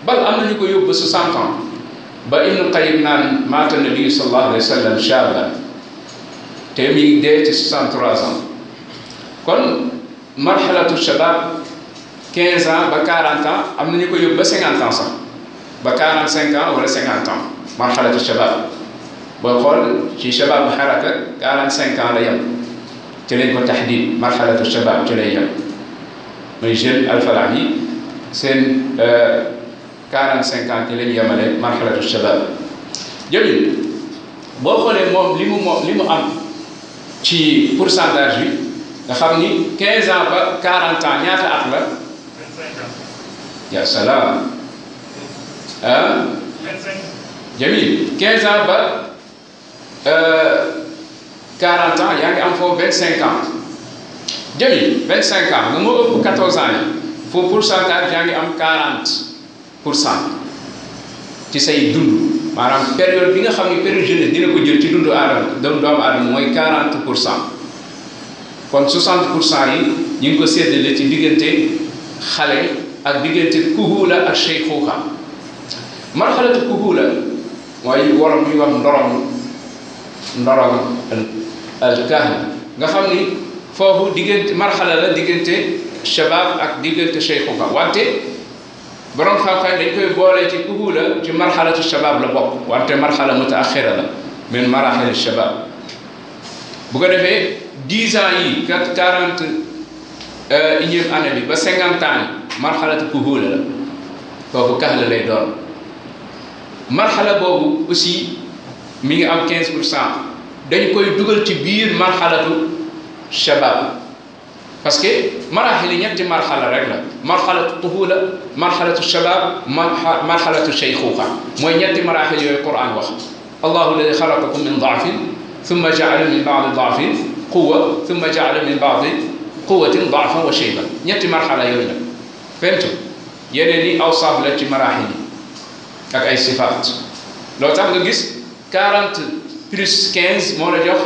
bal am na ñu ko yóbbu ba ans. ba ibnu qayim naan maata nabi sallallahu alayhi wa sallam shaban te mi ngi dee kon marxalatu shabab 15 ans ba 40 am nañu ko yóbbu ba 50 ans ba 45 ans wala 50 ans marxalatu shabab boo xool ci shababu xaraka 45 ans la yem ci lañ ko shabab ci lay yem muy jeune quarante cinquante ans ci la ñu yemale marxalatu shabab jëlin boo xoolee moom li mu moom li mu am ci pourcentage bi nga xam ni quinze ans ba quarante ans ñaata at la ya salaam ah jamil quinze ba euh, quarante ans yaa ngi am foofu vingt cinq ans vingt cinq ans nga moo ëpp quatorze ans yi foofu pourcentage yaa ngi am quarante pour cent ci say dund maanaam période bi nga xam ne période jeunesse dina ko jël ci dundu aadama doomu doomu aadama mooy 40 pour cent kon 60 pour cent yi ñu ngi ko séddale ci diggante xale ak diggante kuhula ak sheyxuuxa marxalatu kuhula mooy wolof bi wax ndorom ndorom al kahn nga xam ni foofu diggante marxala la diggante shabab ak diggante sheyxuuxa wante borom xam-xam dañ koy boole ci kuhula ci marxalatu shabab la bokk wante marxala mutaaxira la min maraxali shabab bu ko defee dix ans yi quatre quarante euh, unième bi ba cinquante ans yi marxalatu kuhula la kooku kax la lay doon marxala boobu aussi mu ngi am quinze pour cent dañ koy dugal ci biir marxalatu shabab parce que maraaxil yi ñetti marxala rek la marxalatu tuhula marxalatu shabab marxalatu sheyxuuxa mooy ñetti maraaxil yooyu Qur'an wax allahu alladi xalaqakum min daafin thumma jaala min baadi daafin quwa thumma jaala min baadi quwatin daafan wa shayban ñetti marxala yooyu la fentu yeneen yi awsaaf la ci maraaxil yi ak ay sifaat loolu tax nga gis 40 plus 15 moo la jox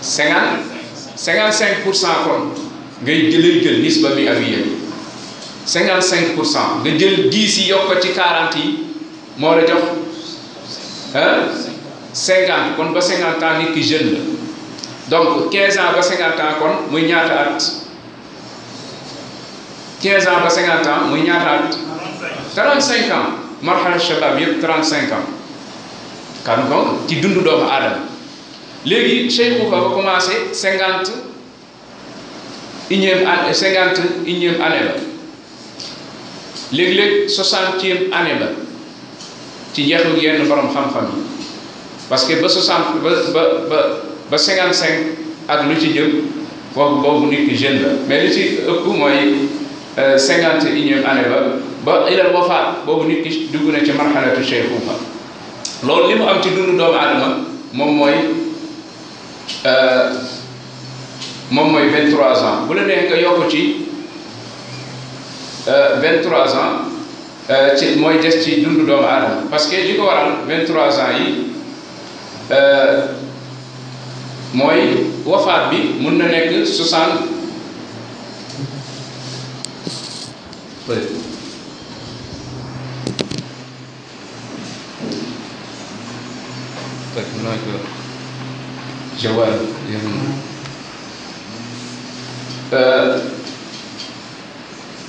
50 cinquante cinq pour cent kon ngay jëlay jël nisba bi awiya 55 pour cent nga jël 10 yi yokk ci 40 yi moo la jox ah 50 kon ba 50 ans nit ki jeune la donc 15 ans ba 50 ans kon muy ñaata at 15 ans ba 50 ans muy ñaata at 35 ans marhala shabab yëpp 35 ans kan ci dundu doomu aadama léegi Cheikh Oufa ba commencé cinquante unième année cinquante unième année la léeg-léeg soixantième année ba ci jeexu yenn borom xam-xam yi parce que ba soixante ba ba ba cinquante cinq ak lu ci jëm foofu boobu nit ki jeune la mais li ci ëpp mooy euh, cinquante unième année ba ba ilal wafaat boobu nit dugg na ci marxalatu Cheikh Oufa loolu li mu am ci dundu doomu aadama moom mooy. Euh, moom mooy 23 ans bu la neexee nga yokk ci 23 euh, ans euh, ci mooy des ci dundu doomu aadama parce que li ko waral 23 ans yi mooy wafaat bi mun na nekk 60. Thank you. jawaab eh,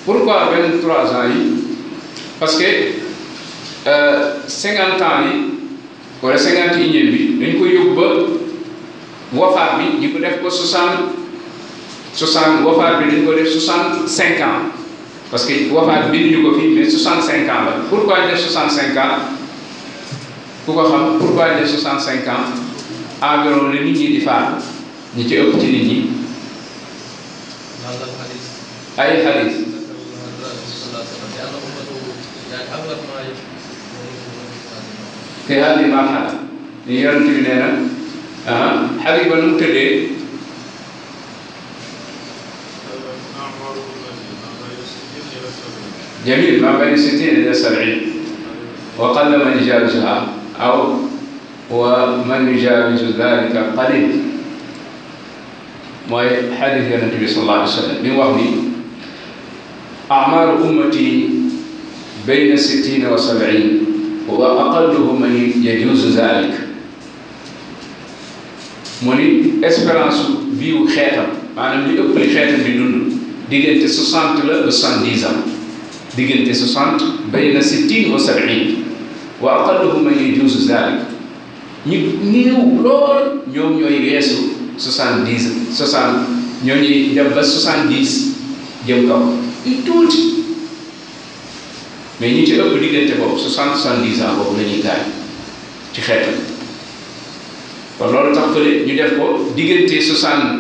pourquoi vingt trois ans yi parce que eh, cinquante ans yi wala cinquante et un bi dañ ko yóbbu ba wafaat bi ko def ko soixante soixante wafaat bi dañ ko def soixante cinq ans parce que wafaat bi ñu ko fii mais soixante cinq ans la pourquoi def soixante cinq ans ku ko xam pourquoi def environ la nit ñi di faatu ñi ci ëpp ci nit ñi ay xadis fi hadi marhala ni yonent bi nee na xadis ba nu mu tëddee jamil ma bayna sittina ila sab'in wa qalla man jaalusaha aw wa man yujaawizu dalika qalil mooy xadis yonent bi sallallahu alayhi wa sallam bi mu wax ni amaaru ummati bayna sittina wa sab'in wa aqalluhum man yajuuzu dalik mu ni espérance biiwu xeetam maanaam li ëpp li xeetam bi dund diggante soixante la ba soixante-dix ans diggante soixante bayna sittina wa sab'in wa aqalluhum man yajuuzu dalik ñu néew lool ñoom ñooy weesu soixante dix soixante ñoo ñuy dem ba soixante dix jëm kaw ñu tuuti mais ñu ci ëpp diggante boobu soixante soixante dix ans boobu la ñuy gaañ ci xeetam kon loolu tax fële ñu def ko diggante soixante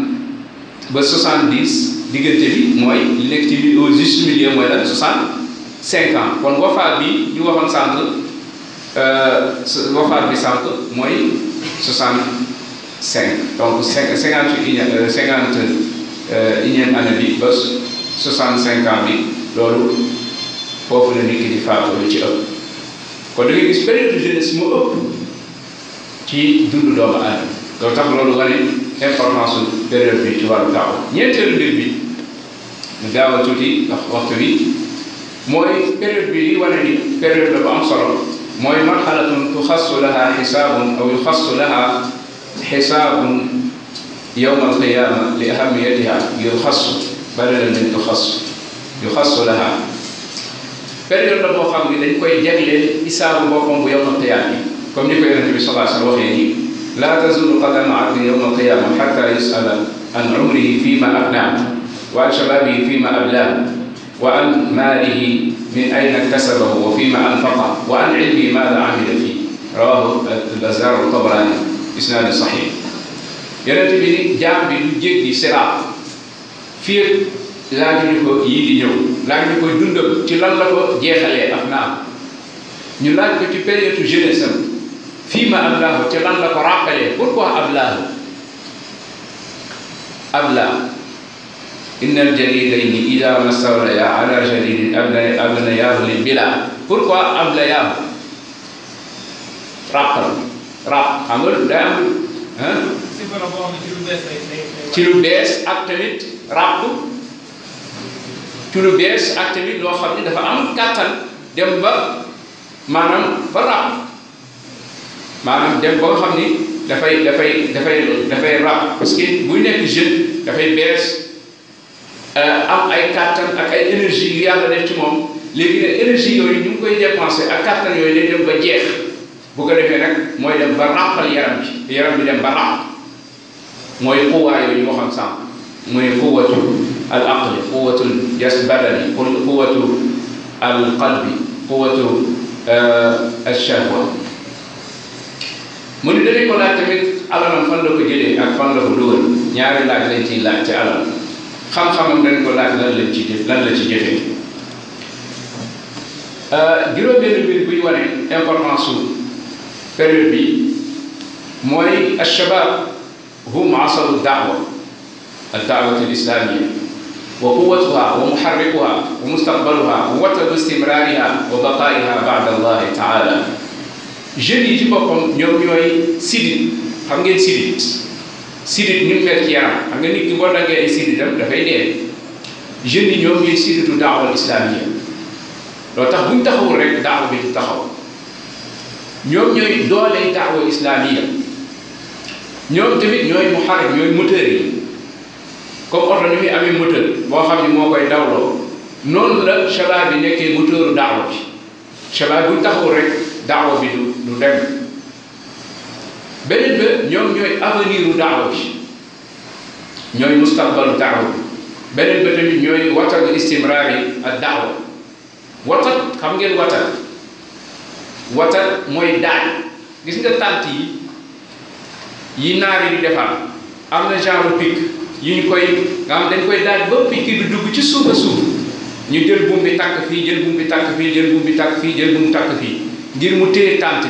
ba soixante dix diggante bi mooy li bi ci au juste milieu mooy la soixante cinq ans kon wafaa bi ñu waxoon sànq. waxaat bi sànq mooy 65 donc 5 50 union 50 union année bi ba 65 ans bi loolu foofu la nit ki di faatu lu ci ëpp kon da ngay gis période jeunesse moo ëpp loolu tax loolu wane importance période bi ci wàllu daaw ñeenteelu mbir bi ñu gaaw a tuuti ndax mooy période bi li wane ni période la am solo. mooy marxalatun tuxassu laha xisaabun aw yuxassu laha xisaabun yowma alqiyaama li ahamiyatiha yuxassu badala min tuxassu yuxassu laha période la boo xam ni dañ koy jagleel isaabu boppam bu yowma alqiyaama yi comme ni ko yonente bi salaa sallam waxee nii laa tazulu qadama abdi yowma alqiyaama xata yusala an umrihi fima abnaa wa an shababihi fima ablaa wa an maalihi min ayna iktasabahu wa fima anfaqa wa an ilmihi maada amila fii rawahu al-Bazzar al-Tabarani isnaadu saxiix yonent bi ni jaam bi du jéggi siraat fii laajuñu ko yii di ñëw laajuñu koy dundam ci lan la ko jeexalee af naa ñu laaj ko ci période jeunesse am fii ma ablaahu ci lan la ko rappeler pourquoi ablaahu ablaahu innal jadidayni ida mastawlaya ala jadidin abnayahu li bila pourquoi ablayahu rap rap xam nga day am ci lu bees ak tamit rap ci lu bees ak tamit loo xam ne dafa am kàttan dem ba maanaam ba rap maanaam dem ba nga xam ni dafay dafay dafay dafay rap parce dafay bees Euh, am ay kàttan ak ay énergie yu yàlla def ci moom léegi nag énergie yooyu ñu ngi koy dépensé ak kàttan yooyu day dem jeex bu ko defee nag mooy dem ba ràppal yaram bi yaram bi dem ba mooy xuwaa yooyu ñu waxoon sànq mu ne xuwatu al aqli xuwatu jas badani xuwatu al qalbi xuwatu euh, al fan la ko ak fan la ko dugal ñaari laaj lañ ciy laaj ci xam-xamam dañ ko laaj lan la ci def lan la ci jëfee euh, juróom-benn mbir buy wane importance su période bi mooy alshabab hum asalu daawa aldaawat alislamia wa quwatuha wa muharrikuha wa mustaqbaluha wa watanu istimrariha wa baqaiha ba'da allahi taala jeunes yi ci boppam ñoom ñooy sidit xam ngeen sidit sidit ni mu ci yaram xam nga nit ki boo daggee ay siditam dafay dee jeunes yi ñoom ñooy siditu daawal islamiyya loolu tax buñ taxawul rek daawa bi du taxaw ñoom ñooy doole daawa islamiyya ñoom tamit ñooy muharrik ñooy moteur yi comme oto ni muy amee moteur boo xam ne moo koy dawloo noonu la shabaab bi nekkee moteuru daawa bi shabaab buñ taxawul rek daawa bi du du dem beneen ba ñoom ñooy avenir u bi ñooy mustaqbalu daawa bi beneen ba tamit ñooy watanu istimraari ak daawa watat xam ngeen watat watat mooy daaj gis nga tànt yi yi naar naari di defar am na genre pic yi ñu koy nga xam dañ koy daaj ba pic bi dugg ci suuf suuf ñu jël buum bi takk fii jël buum bi takk fii jël buum bi takk fii jël buum takk fii ngir mu téye tànt bi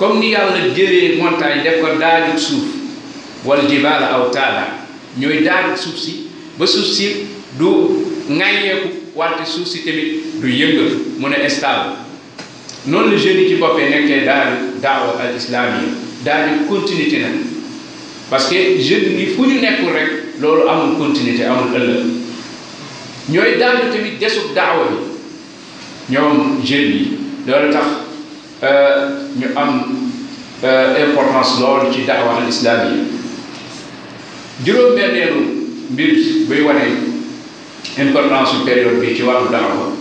comme ni na jëlee montagne def ko daajug suuf walla jibaala aw taala ñooy daajug suuf si ba suuf si du ŋàññeeku wante suuf si tamit du yëngal mun a stable noonu la yi ci boppee nekkee daaju daawa al islaam yi daaju continuité na parce que jeunes yi fu ñu nekkul rek loolu amul continuité amul ëllëg ñooy daaju tamit desub daawa bi ñoom jeunes yi loolu tax Euh, ñu am euh, importance lool ci daawal islam yi juróom-benneelu mbir buy wane importance su période bi ci wàllu daawa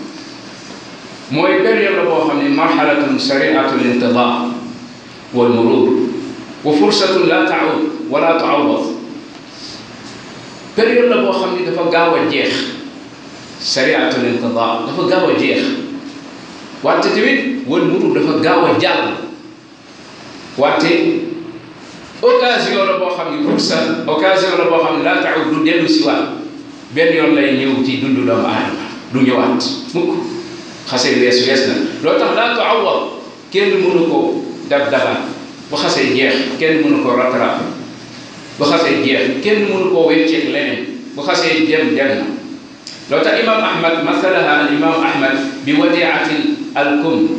mooy période la boo xam ne marxalatun sariatu lintidaa wal murur wa fursatun la taud wala taawad période la boo xam ne dafa gaaw a jeex sariatu lintidaa dafa gaaw a jeex wante tamit wal muru dafa gaaw a jàll wante occasion la boo xam ne pour sa occasion la boo xam ne laa taxut du dellu si waat benn yoon lay ñëw ci la doomu aadama du ñëwaat mukk xasee wees wees na loolu tax laa ko awal kenn mënu ko dab dabal bu jeex kenn mënu ko rattraper bu xasee jeex kenn mënu koo wecceeg leneen bu na loolu tax imam ahmad masalaha al imam ahmad bi wadiatin alkum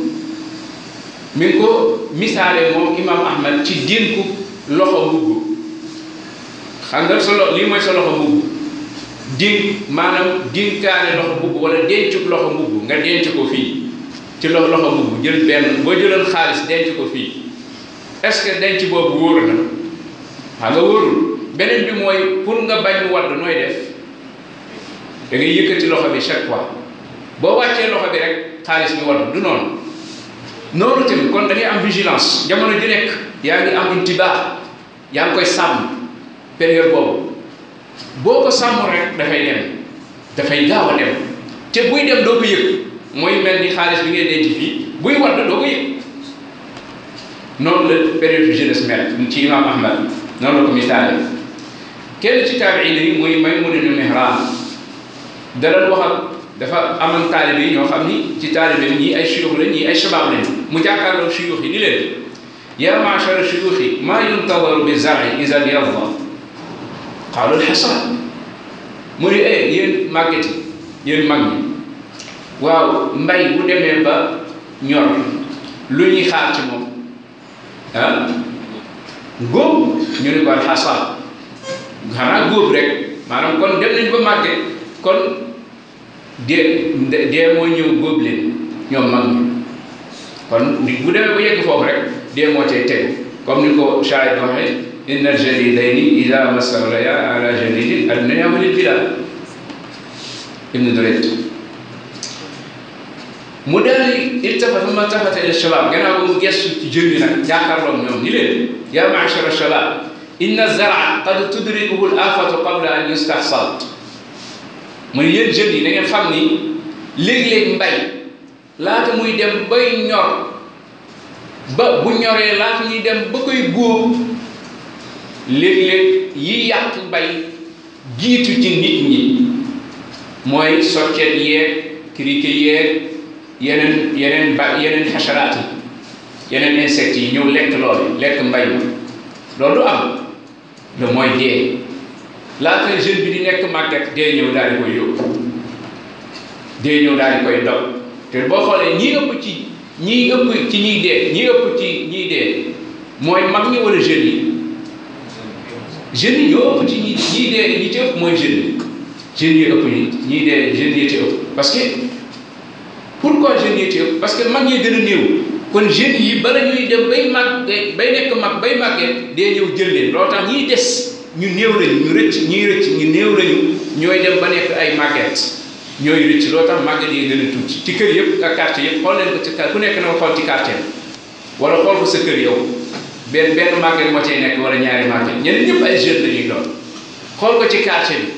mi ngi ko misaale moom imam ahmad ci dénku loxo mbubb xam nga sa lo lii mooy sa loxo mbubb dénk maanaam dénkaane loxo mbubb wala denc loxo mbubb nga denc ko fii ci loxo loxo mbubb jël benn boo jëloon xaalis denc ko fii est-ce que denc boobu wóor na xam nga wóorul beneen bi mooy pour nga bañ mu wadd nooy def dangay ngay yëkkati loxo bi chaque fois boo wàccee loxo bi rek xaalis bi wan du noonu noonu tamit kon da ngay am vigilance jamono ji nekk yaa ngi am intibaax yaa ngi koy sàmm période boobu boo ko sàmm rek dafay dem dafay gaaw a dem te buy dem doo ko yëg mooy mel ni xaalis bi ngay denc fii buy wadd doo ko yëg noonu la période jeunesse mel ci imam ahmad noonu la ko misaale kenn ci taabiin yi muy Maymun ibn Mihraan dalal wax dafa amoon taalibe yi ñoo xam ni ci taalibe ñii ay suyux lañ ñii ay shabaab lañ mu jàkkaarloo suyux yi ni leen yaa maachara suyux yi maa yuntawaru bi zari isa yarda qaalu alxasra mu ni eh yéen màgget yi yéen mag ñi waaw mbay bu demee ba ñor lu ñuy xaar ci moom ah góob ñu ni ko alxasra xanaa góob rek maanaam kon dem ba màgget kon dee dee mooy ñëw góob leen ñoom mag ñi kon bu demee bu yegg foofu rek moo tey tegu comme ni ko shaahid waxee inna jadidayni ida masarraya ala jadidin adnaya walil bila ibnu duret mu daal di iltafata ma tafata ila shabab gannaaw ba mu gestu ci jël yi nag ñoom ni leen ya ma'shara shabab inna zara qad tudrikuhu al afatu qabla an yustahsad mu ne yéen yi da ngeen xam ni léeg-léeg mbay laata muy dem ba ñor ba bu ñoree laata ñuy dem ba koy góob léeg-léeg yi yàq mbay jiitu ci nit ñi mooy soccet yeeg criquet yeeg yeneen yeneen ba yeneen xasaraat yeneen insectes yi ñëw lekk loolu lekk mbay ma loolu am la mooy dee laata jeune bi di nekk màgget dee ñëw daal di koy yóbbu dee ñëw daal di koy dog te boo xoolee ñi ëpp ci ñi ëpp ci ñiy dee ñi ëpp ci ñii dee mooy mag ñi wala jeunes yi jeunes yi ñoo ëpp ci ñi ñiy dee ñi ci ëpp mooy jeunes yi jeunes yi ëpp ñi ñiy dee jeunes yi ci ëpp parce que pourquoi jeunes yi ci ëpp parce que mag ñi gën a néew kon jeunes yi bala ñuy dem bay màgg bay nekk mag bay màggee dee ñëw jël leen loo tax ñiy des ñu néew lañu ñu rëcc ñuy rëcc ñu ñooy dem ba nekk ay màgget ñooy rëcc loo tax màgget yi gën a ci kër yëpp ak kart yëpp xool leen ko ci ku nekk na nga xool ci quartier wala xool ko sa kër yow benn benn màgget moo cay nekk wala ñaari màgget ñëpp ay jeunes lañuy doon xool ko ci quartier bi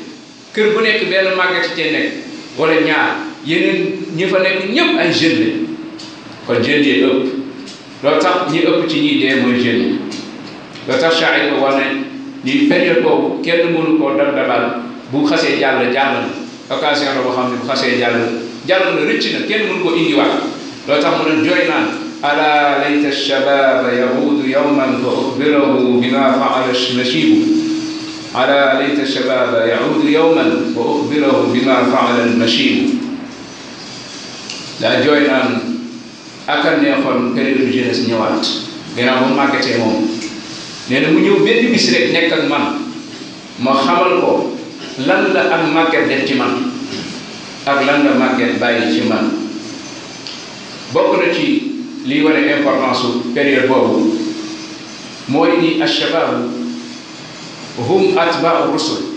kër bu nekk benn màgget cay nekk wala ñaar yeneen ñi fa nekk ñëpp ay jeunes lañu kon jeunes yi ëpp loo tax ñi ëpp ci ñiy dee mooy jeunes loo tax saa yi war nañ lii période boobu kenn mënu koo dab dabal bu xasee jàll jàll na occasion la boo xam ne bu xasee jàll jàll na rëcc na kenn mënu koo indiwaat loolu tax mu doon jooy naan ala layta shababa yahuudu yawman fa uxbirahu bima faala nashibu ala layta shababa yahuudu yawman fa uxbirahu bima faala nashibu daa jooy naan aka neexoon période jeunesse ñëwaat gannaaw ba màggatee moom nee na mu ñëw benn bis rek nekk ak man ma xamal ko lan la ak màgget def ci man ak lan la màgget bàyyi ci bokk na ci li wane importance su période boobu mooy ni alshabaabu hum atbaau rusul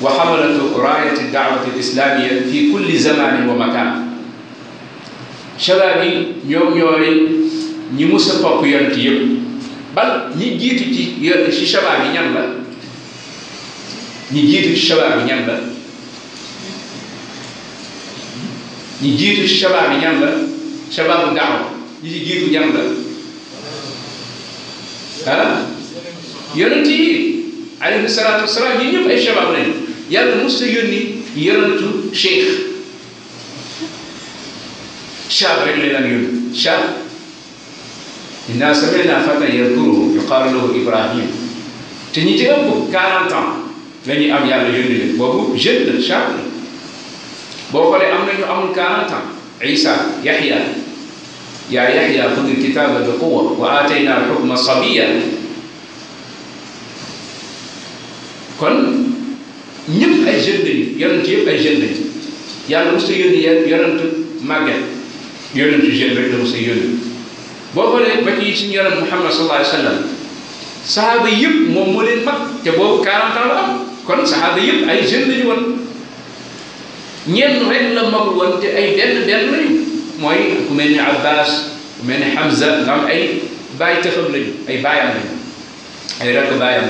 wa xamalatu raayati daawati lislaamia fi kulli zamanin wa makan shabaab yi ñoom ñooy ñi mus a topp yonent yëpp bal ñi jiitu ci yo ci shabaab yi ñan la ñi jiitu ci shabaab yi ñan la ñi jiitu ci shabaab yi ñan la shabaabu gaaw ñi ci jiitu ñan la ah yonent yi alayhi salaatu wasalaam ñi ñëpp ay shabaab lañu yàlla mos a yónni inna sami'na fatan yadhkuru yuqaalu lahu Ibrahim te ñi ci ëpp 40 ans la ñuy am yàlla yónni leen boobu jeune la chab la boo xoolee am nañu amul 40 ans Isa Yaxya yaa Yaxya xudil kitaaba bi quwwa wa aatayna al-hukma sabiyya kon ñëpp ay jeune lañu yonent yëpp ay jeune lañu yàlla mos a yónni yonent màgget yonent jeune rek la mos a yónni boo xoolee ba ci suñu yaram Muhammad sallallahu alayhi wa yëpp moom leen mag te boobu 40 am kon saxaaba yëpp ay jeunes lañu woon ñenn rek la mag ay denn denn lañu mooy ku mel ni Abbas ku mel ni Hamza nga ay bàyyi tëxam lañu ay baayam lañu ay rakk baayam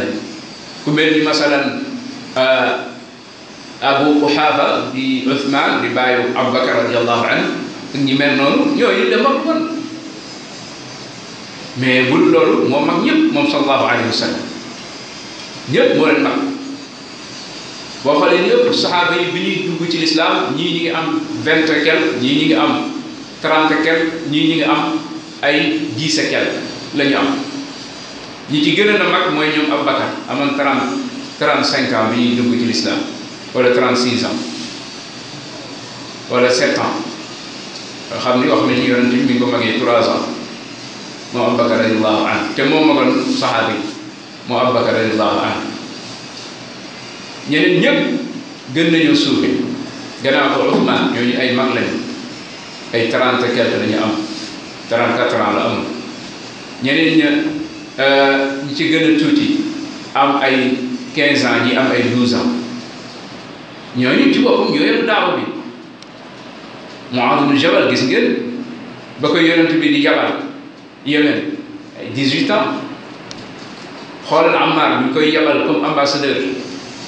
ku mel ni ah, Abu Quhafa di Uthman di bàyyu Abubakar radiyallahu anhu ñi noonu ñooyu la mag woon mais bul loolu moo mag ñëpp moom sallallahu alayhi wa sallam ñëpp moo leen mag boo xoolee ñëpp saxaaba yi bi ñuy dugg ci lislaam ñii ñi ngi am vingt quelque ñii ñi ngi am trente quelque ñii ñi ngi am ay dix quelque la am ñi ci gën a mag mooy ñoom Abu Bakar amoon trente trente cinq ans bi ñuy dugg ci lislaam wala trente six ans wala sept ans xam ni wax nañu yonente mi ngi ko magee trois ans moo Abu Bakar radiyallahu anhu te moo magoon saxaabi moo Abu Bakar radiyallahu anhu ñeneen ñépp gën nañoo suufe gannaaw ko ñooñu ay mag lañu ay trente quelque lañu am trente quatre la am ñeneen ña euh, ñi ci gën a tuuti am ay quinze ans ñi am ay douze ans ñooñu ci boppam ñoo yëpp daaw bi Muaad ibn Jabal gis ngeen ba ko yonent bi di jabal Yémen ay 18 ans xoolal Ammar ñu koy yebal comme ambassadeur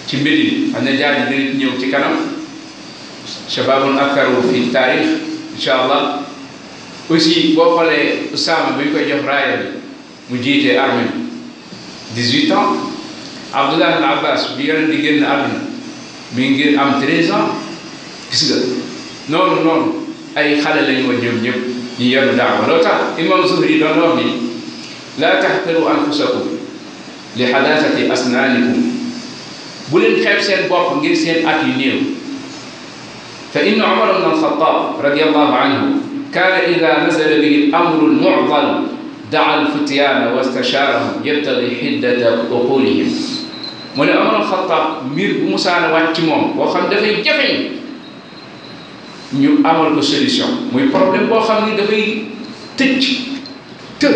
ci Médine xam ne jaar dinañ ñëw ci kanam shababun akaru fi taarix incha allah aussi boo xoolee Usaama bi ñu koy jox raaya bi mu jiite armée bi 18 ans Abdullah al Abbas bi yonent di génn àdduna mi ngi am 13 ans gis nga noonu noonu ay xale lañu woon ñoom ñëpp. di yoonu daawa loo tax imam Zuhri doon wax ni laa taxqiru anfusakum li xadaasati asnaanikum bu leen xeeb seen bopp ngir seen at yu néew fa inna Umar ibn al-Xattaab radiyallahu anhu kaana idaa nazala bihi al-amru al-mu'dal daa al-futyaana wastashaarahum yabtagi xiddata uquulihim mu ne Umar al-Xattaab mbir bu musaana wàcc ci moom boo xam dafay jafeñ ñu amal ko solution muy problème boo xam ni dafay tëj të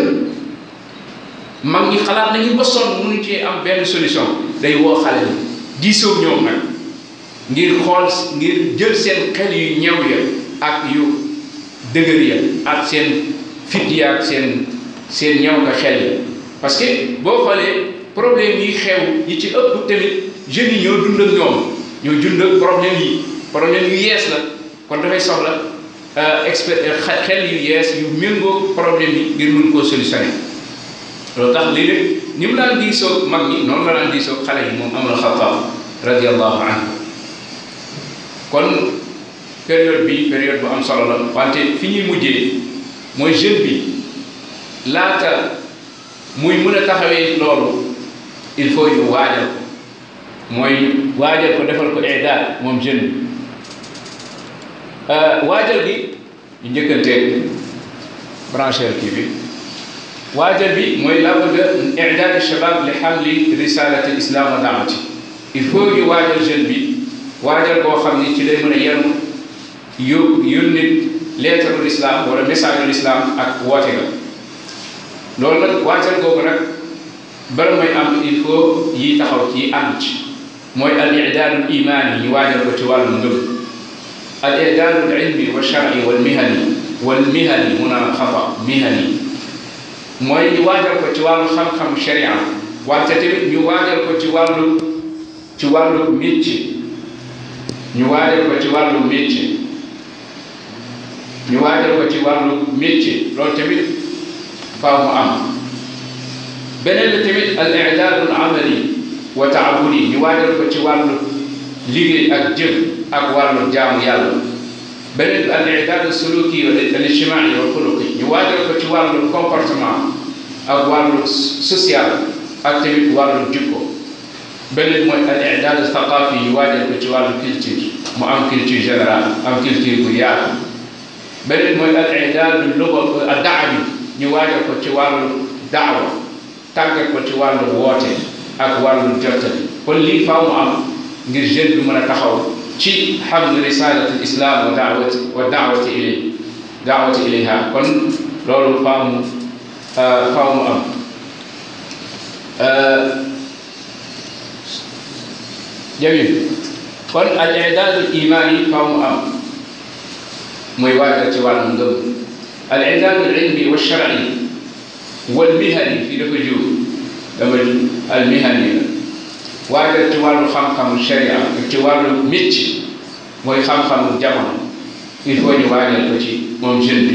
mag ñi xalaat nañu ba sonn mënu cee am benn solution day woo xale yi diisoo ñoom nag ngir xool ngir jël seen xel yu ñëw ya ak yu dëgër ya ak seen fit ya ak seen seen ñëw nga xel ya parce que boo xoolee problème yi xew yi ci ëpp tamit jeunes yi ñoo dund ak ñoom ñoo dund ak problème yi problème yu yees la kon dafay soxla euh, expert euh, xel yu yees yu méngoo problème yi ngir mën koo solutionné loolu tax léeg-léeg ni mu daan diisoo mag ñi noonu xale yi moom amul xataab radiallahu anhu kon période bi période bu am solo la wante fi ñuy mujjee mooy jeune bi laata muy mën a taxawee loolu il faut ñu waajal ko mooy waajal ko defal ko eedaat moom jeune bi Euh, waajal gi ñu njëkkanteeg brancher kii bi waajal bi mooy la bëgg a i'daad shabab li hamli risalati islam wa daawati il faut ñu waajal jeune bi waajal boo xam ni ci lay mën a yem yób yónnit leetaru l'islam wala message ak woote ga loolu nag waajal googu nag bala mooy am il faut yi taxaw ci ànd ci mooy al i'daadul imaan yi ñu waajal ko ci wàllu ngëm الإعداد العلمي والشرعي والمهني والمهني هنا خطأ مهني mooy ñu waajal ko ci wàllu xam-xam sharia wante tamit ñu waajal ko ci wàllu ci wàllu métier ñu waajal ko ci wàllu métier ñu waajal ko ci wàllu métier loolu tamit faaw mu am beneen bi tamit al i'dad al amali wa taabudi ñu waajal ko ci wàllu liggéey ak jëf ak wàllu jaamu yàlla beneen bi al i'dad suluki wal ijtimai wal xuluqi ñu waajal ko war wàllu comportement ak wàllu social ak tamit wàllu jikko beneen mooy al i'dad thaqafi ñu waajal ko ci wàllu culture mu am culture générale am culture bu yaatu beneen mooy al i'dad luga al daawi ñu waajal ko ci wàllu daawa tàggat ko ci wàllu woote ak wàllu jottali kon lii faaw mu am ngir jeune bi mën a taxaw ci xamdu risalati l islam wa daawati wa daawati ilay daawati ilayha kon loolu faaw mu euh, faaw mu am euh, jamil kon al idaadul imaani faaw mu am muy waajal ci wàllum ngëm al idaadul ilmi wa sharci wal mihani fii dafa jiw dama al mihani la waaye nag ci wàllu xam-xamu sharia ci wàllu métier mooy xam-xamu jamono il faut ñu waajal ko ci moom jeune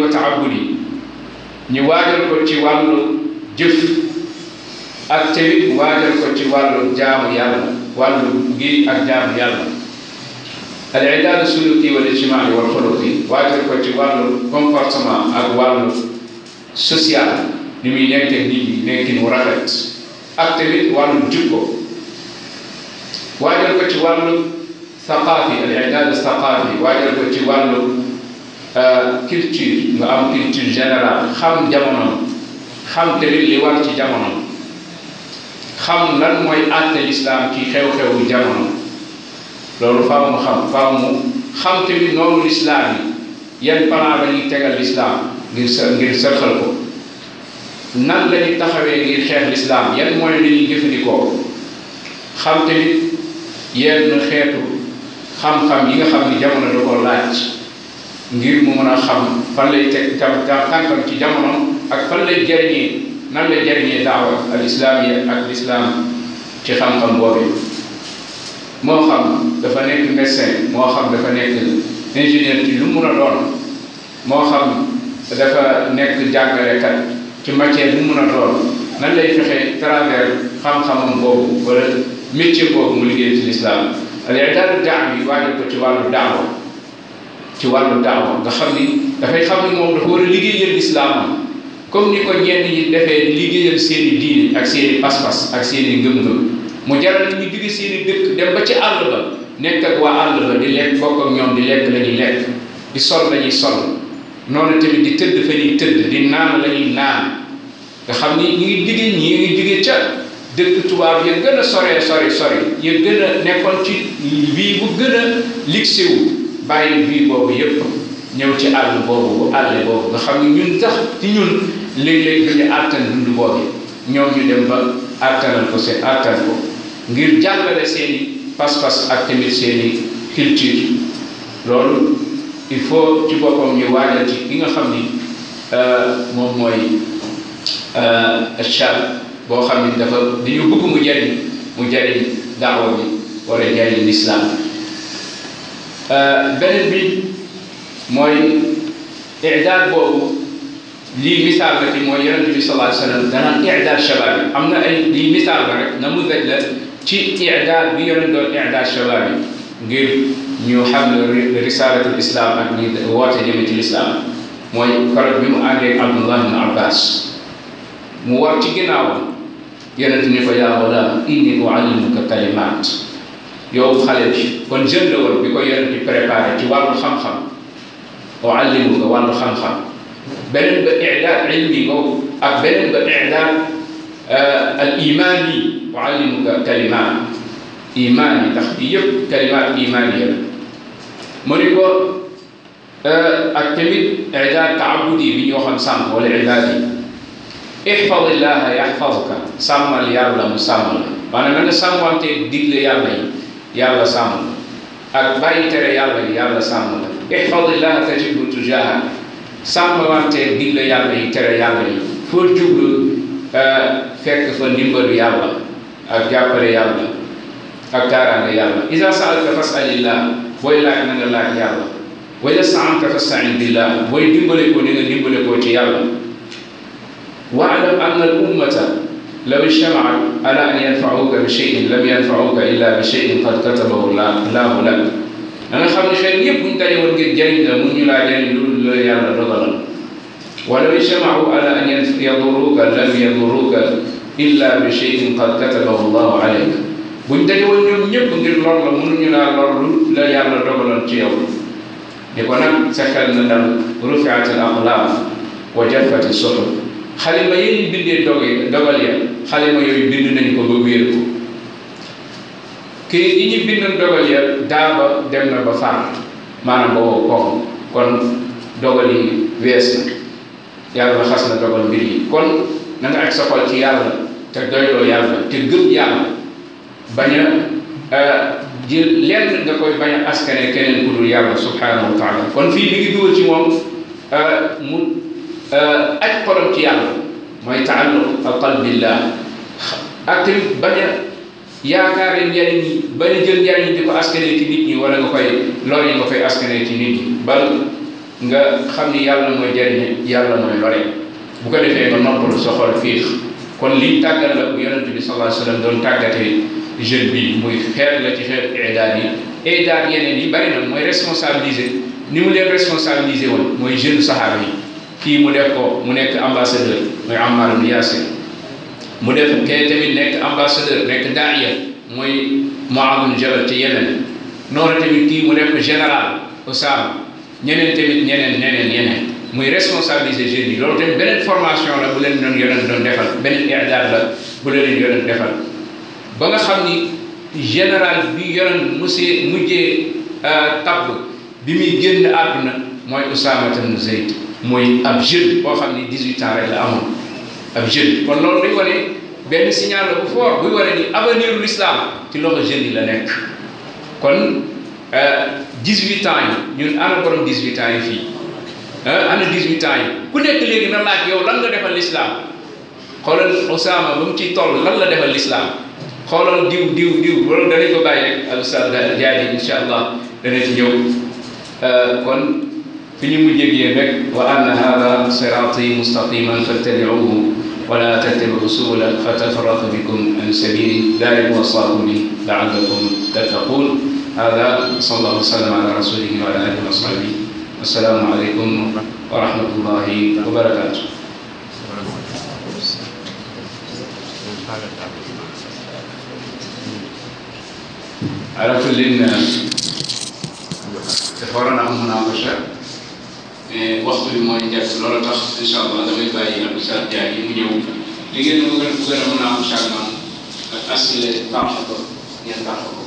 wa taabudi ñu waajal ko ci ak tamit waajal ko ci wàllu jaamu gi ak jaamu yàlla al idaadu suluki wal ijtimaai wal xuluqi waajal ko ci wàllu comportement ak wàllu social ni muy mu nit ñi nekkin wu rafet ak tamit wàllum jikko waajal ko ci wàllu saqaafi al idaad saqaafi waajal ko ci wàllu euh, culture am culture générale xam jamono xam tamit li war ci jamono xam lan mooy àtte lislaam ci xew-xewu jamono loolu faaw mu xam mu xam tamit noonu lislaam yi yan plan la ñuy tegal lislaam ngir sa ngir sërxal ko nan lañu taxawee ngir xeex lislaam yan mooy li ñuy jëfandikoo xam tamit yenn xeetu xam-xam yi nga xam ni jamono da laaj ngir mu mën a xam fan lay teg tànkam ci jamono ak fan lay jariñee nan lay jariñee al islaam yi ak lislaam ci xam-xam boobu moo xam dafa nekk médecin moo xam dafa nekk ingénieur ci lu mu a doon moo xam te dafa nekk jàngalekat ci matière bu mun a doon nan lay fexe travers xam-xamam boobu wala métier boobu mu liggéey ci lislaam léegi daal daaw bi waajal ko ci wàllu daawa ci wàllu daawa nga xam ni dafay xam ni moom dafa war a liggéeyal lislaamam comme ni ko ñenn ñi defee liggéeyal seen i diine ak seen i pas-pas ak seen i ngëm-ngëm mu jaral ñu digg seen i dëkk dem ba ci àll ba nekk ak waa àll ba di lekk bokk ak ñoom di lekk la ñuy lekk di sol la ñuy sol. noonu tamit di tëdd fa ñuy tëdd di naan la naan nga xam ni ñu ngi jóge ñi ngi jóge ca dëkk tubaab ya gën a soree sori sori ya gën a nekkoon ci vie bu gën a ligsewu bàyyi vie boobu yépp ñëw ci àll boobu bu àll boobu nga xam ni ñun sax ci ñun léeg-léeg duñu àttan dund boobu ñoom ñu dem ba àttanal ko seen àttan ko ngir jàngale seeni pas-pas ak tamit seeni culture loolu il faut ci boppam ñu waajal ci ki nga xam ni euh, moom mooy achar euh, boo xam ni dafa di ñu mu jariñ mu jariñ daawa bi wala jariñ lislaam euh, beneen bi mooy idaad boobu lii misaal la ci mooy yonente bi sallallahu alayhi wasallam danaan idaad shabaab yi am na ay lii misaal la rek na mu la ci idaad bi yonent doon idaad shabaab yi ngir ñu xam ne risaalatul islam ak ñi woote jëme ci lislaam mooy koroj bi mu àndee abdullah ibn abbas mu war ci ginnaaw yonent ni ko yaa walaam inni uallimuka kalimaat yow xale kon jeune bi ko yonent préparé ci wàllu xam-xam uallimuka wàllu xam-xam beneen ba i'daad ilmi boobu ak beneen ba i'daad euh, al imaan yi uallimuka kalimaat imaan yi ndax yi yëpp kalimaat yi la mu ni ko euh, ak tamit idaad taabudi bi ñu waxoon sàmm wala idaad yi ihfad illaha yaxfadka sàmmal yàlla mu sàmmal la maanaam na nga sàmmante digle yàlla yi yàlla sàmm la ak bàyyi tere yàlla yi yàlla sàmm la ihfad illaha tajidhu tujaha sàmmante digle yàlla yi tere yàlla yi foo jublu euh, fekk fa ndimbalu yàlla ak jàppale yàlla ak taaraanga yàlla isa saalta fasalillah booy laaj na nga laaj yàlla way istaanta fastain billah booy dimbale ko ni nga dimbale koo ci yàlla waalam an al ummata law ijtamaat ala an yanfauka bi cheyin lam yanfauka illa bi cheyin qad katabahu laahu lak da nga xam ne xel yépp buñ daje woon ngir jëriñ la mun ñu laa jëriñ loolu la yàlla dogalal walaw ijtamaau ala an yaduruka lam yaduruka illa bi cheyin qad katabahu llahu alayk bu daje woon ñoom ñëpp ngir lor la mënuñu laa lor lu la yàlla dogaloon ci yow ni ko nag sa xel na dal rufiat al aqlam wa jaffati suhuf xalima yi bindee dogal ya xalima yooyu bind nañ ko ba wéer kii yi ñu bindoon dogal ya daaba dem na ba faar maanaam ba wow koom kon dogal yi yàlla xas na dogal mbir kon na ak sa xol ci yàlla te doyloo yàlla te gëm yàlla bañ a euh, jël lenn nga koy bañ a askane keneen ku dul yàlla kon fii li ngi dugal ci moom euh, mu euh, aj xolam ci yàlla mooy taalluq alqal billah ak tamit bañ a yaakaare njariñ yi bañ a ko askanee ci nit ñi wala nga koy lor nga koy askanee ci nit ñi bal nga xam ni yàlla mooy jariñ yàlla mooy lore bu ko defee nga noppalu sa xol fiix kon liñ tàggal la bu yonente bi sallallahu alayhi wa sallam doon tàggatee jeune bi mooy xeet la ti xeet idaar yi idaar yeneen yi bari na mooy responsabiliser ni mu leen responsabiliser woon mooy jeune saxaaba kii mu def mu nekk ambassadeur mooy Ammar ibn Yasir mu def kee tamit nekk ambassadeur nekk daaya mooy Muaadun Jabal ci yeneen noonu tamit kii mu def ko général Osama ñeneen tamit ñeneen ñeneen ñeneen muy responsabiliser jeunes yi loolu tamit beneen formation la bu leen doon yonent doon defal beneen idaar defal ba nga xam ni général bi yoroon monsieur mujjee euh, tabb bi muy génn àdduna mooy Usaama ibn Zayd mooy ab jeune boo xam ni 18 ans rek la amoon ab jeune kon loolu dañ wane benn signal la bu fort buy wane ni avenir l'islam ci loxo jeunes yi la nekk kon 18 euh, ans yi ñun ana borom 18 ans yi fii euh, ana 18 ans yi ku nekk léegi na laaj yow lan nga defal l'islam xoolal Usaama ba mu ciy toll lan la defal l'islam xoolal diw diw diw loolu danañ ko bàyyi rek al ustaz daal jaaji insha allah dana ci ñëw euh, kon fi ñu mujjee ak yéen rek wa anna hada sirati mustaqiman fattabiuhu wala tattabiu subula fatafarraqa bikum an sabili dalikum wasaakum bi laallakum tattaqun hada sallallahu wasallam ala rasulihi wa ala alihi wa sahbihi assalaamu aleykum wa rahmatullahi wa barakatuh ala kulli dafa waroon a am munaqasha mais waxtu bi mooy njëkk loolu tax incha allah damay bàyyi ak Oustaz Dia yi mu ñëw li ngeen ma gën a gën a munaqasha ak man ak asile tànq ko ngeen tànq ko